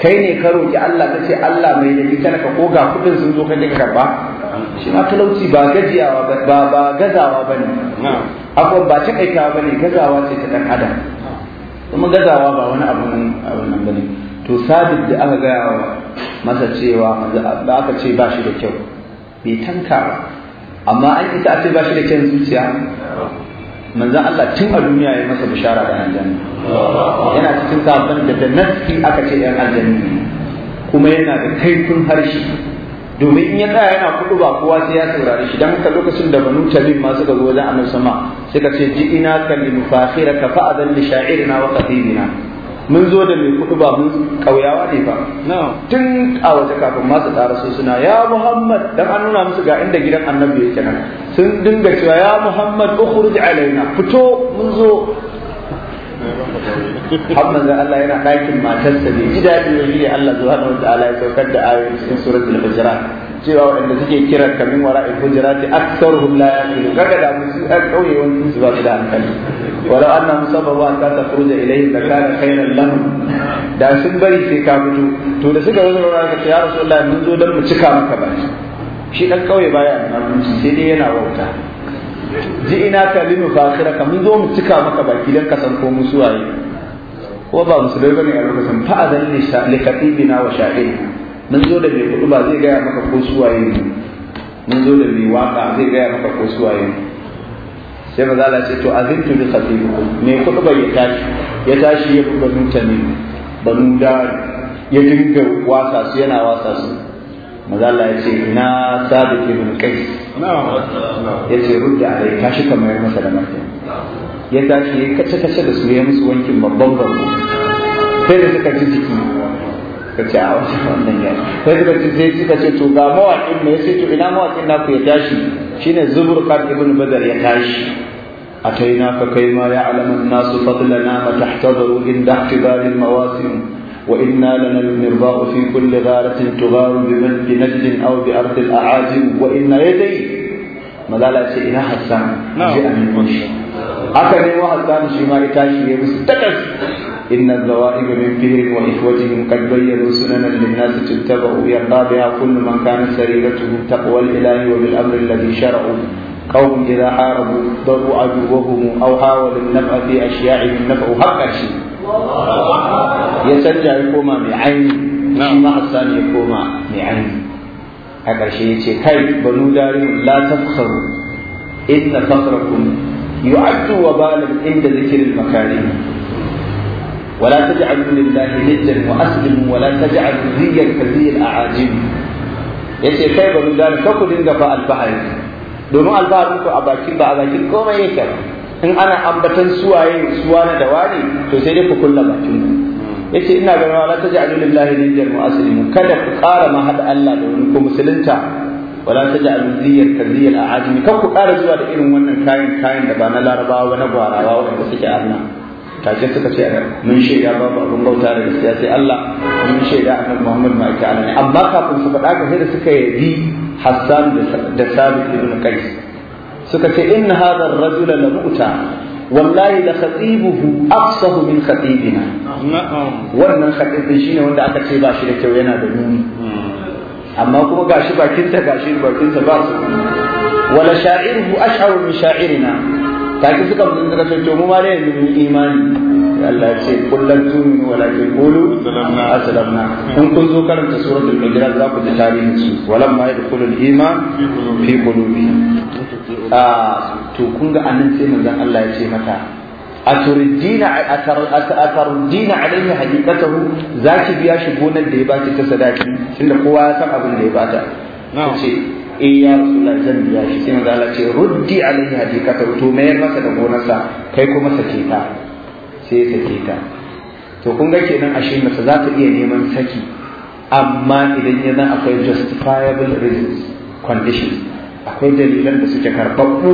kai ne ka roki Allah ka ce Allah mai da naka ko ga kudin sun zo kan dinka ba shi ma talauci ba gajiyawa ba ba, ba gazawa bane akwai ba ta kaita bane gazawa ce ta dan adam kuma gazawa ba wani abu nan bane to sabit da aka gaya wa masa cewa da aka ce ba shi da kyau bai tanka ba amma an ita a ce ba shi da kyan zuciya manzan Allah tun a duniya ya masa bishara da aljanna yana cikin sabon da da naski aka ce yan aljanna kuma yana da kaifin harshe domin in ya tsaya yana kudu ba kowa sai ya saurare shi dan haka lokacin da banu talib ma suka zo wajen annabi sama suka ce ji ina kalli a fa'adan li sha'irina wa qadibina mun zo da mai kudu ba mun kauyawa ne ba tun a wata kafin masu tsara su suna ya muhammad dan an nuna musu ga inda gidan annabi yake nan sun dinga cewa ya muhammad ukhruj alaina fito mun zo Hamman da Allah yana ɗakin matarsa ne ji daɗi ne shi Allah subhanahu wa ta'ala ya saukar da ayoyi cikin suratul hujurat cewa waɗanda suke kira kamin wara'il hujurati aktsaruhum la yaqilu kaga da musu an kauye wani su ba su da hankali ولو أنهم صبروا حتى تخرج إليهم لكان خيرا لهم da sun bari sai ka fito to da suka zo ka ce ya rasulullahi mun zo dan mu cika maka baki shi dan kauye baya annabci sai dai yana wauta ji ina ka limu ka mun zo mu cika maka baki kidan ka san ko mu suwaye ko ba musulmai bane a san fa adan li katibina wa sha'ir mun zo da mai kudu ba zai gaya maka ko suwaye mun zo da mai waka zai gaya maka ko suwaye sai maza Allah ce to azintu bi khatibukum ne kuka bai tashi ya tashi ya kuka sun tani banu da ya dinga wasa su yana wasa su maza Allah ya ce ina sabit ibn qais ya ce rudda alai tashi kamar masa da martani ya tashi ya kace kace da su ya musu wankin babban barko sai da suka ji jiki ka ce a wasu wannan ya sai suka suka ce to ga mawaƙin ne sai to ina mawaƙin na ku ya tashi شنو زبر قال ابن بدر يا كاش اتيناك كيما يعلم الناس فضلنا ما تحتضر عند احتضار المواسم وانا لنا المرضاء في كل غاره تغار بمن بنجد او بارض الاعازم وان يدي ما لا شيء حسن نعم. جاء من منشا اكرم واحد ثاني شيء ما يتاشي بس إن الذوائب من فهر وإخوتهم قد بينوا سننا للناس تتبع يرضى بها كل من كانت سريرته تقوى الإله وبالأمر الذي شرعوا قوم إذا حاربوا ضروا عدوهم أو حاولوا النفع في أشياعهم نفعوا حق شيء يسجع يقوم بعين شما حسان يقوم بعين هكذا شيء كيف بنو دارهم لا تفخروا إن فخركم يعد وبالا عند ذكر المكارم ولا تجعلوا لله ندا واسلموا ولا تجعلوا ذريا كذري الاعاجم yace kai ba mu da ka ku dinga ba alfahari domin alfahari ku a bakin ba a bakin komai yake in ana ambatan suwaye suwa da wani to sai dai ku kulla bakin ku yace ina ganin wala taj'alu lillahi niddan wa aslimu kada ku kara ma hada Allah da wani ko musulunta wala ziyar dhiyyar kadhiyal a'ajmi kan ku kara zuwa da irin wannan kayan kayan da ba na larabawa ba na gwarawa wanda suke arna kace suka ce anan mun shaida babu abin bauta da gaskiya sai Allah mun shaida annabi Muhammad ma ake alani amma kafin su faɗa ka sai da suka yi Hassan da Sabit ibn Qais suka ce inna hadha ar-rajula la mu'ta wallahi la khatibuhu afsahu min khatibina wannan khatibi shine wanda aka ce ba shi da kyau yana da nuni amma kuma gashi ta gashi ta ba su wala sha'iruhu ash'aru min sha'irina kaki suka suka ce to mu ma dai yanzu mun imani Allah ce kullum tuminu walakin qulu aslamna in kun zo karanta suratul hijra za ku ji tarihin su walam ma yadkhulul iman fi qulubihim a to kun ga annan sai manzon Allah ya ce mata aturidina atarudina alaihi haqiqatahu zaki biya shi gonar da ya baki ta sadaki tunda kowa ya san abin da ya bata ce eh ya rasulullah zan biya shi sai manzo ce ruddi alaihi hadikata to mayar masa da gonarsa kai kuma sake ta sai sake ta to kun ga kenan ashe mace za ta iya neman saki amma idan yana akwai justifiable reasons conditions akwai dalilan da suke karɓaɓɓu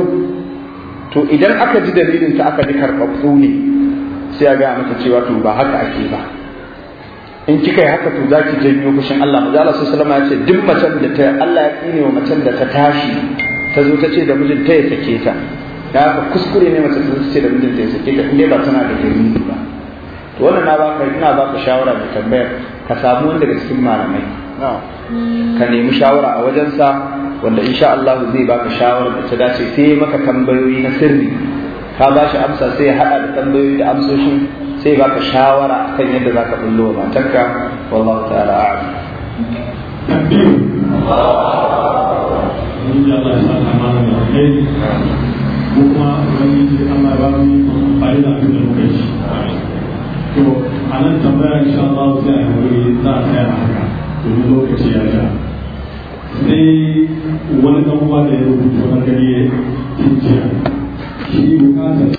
to idan aka ji dalilin ta aka ji karɓaɓɓu ne sai a ga mata cewa to ba haka ake ba in kika yi haka to za ki janyo kushin Allah maza Allah sallallahu alaihi ya ce duk macen da ta Allah ya ne wa macen da ta tashi ta zo ta ce da mijin ta ya sake ta da haka kuskure ne mace ta ce da mijin ta ya sake ta in ba tana da dalili ba to wannan na baka ina baka shawara da tambayar ka samu wanda daga cikin malamai ka nemi shawara a wajensa wanda insha Allah zai baka shawara da ta dace sai maka tambayoyi na sirri ka ba shi amsa sai ya hada da tambayoyi da amsoshin sai baka shawara kan yadda za ka bullo matarka wallahu ta'ala kuma wani ba mu amfani da to a nan tambaya insha Allah sai a yi za a tsaya a haka domin lokaci ya ja sai wani dan uwa da ya rubuta wani gari ya shi bukatar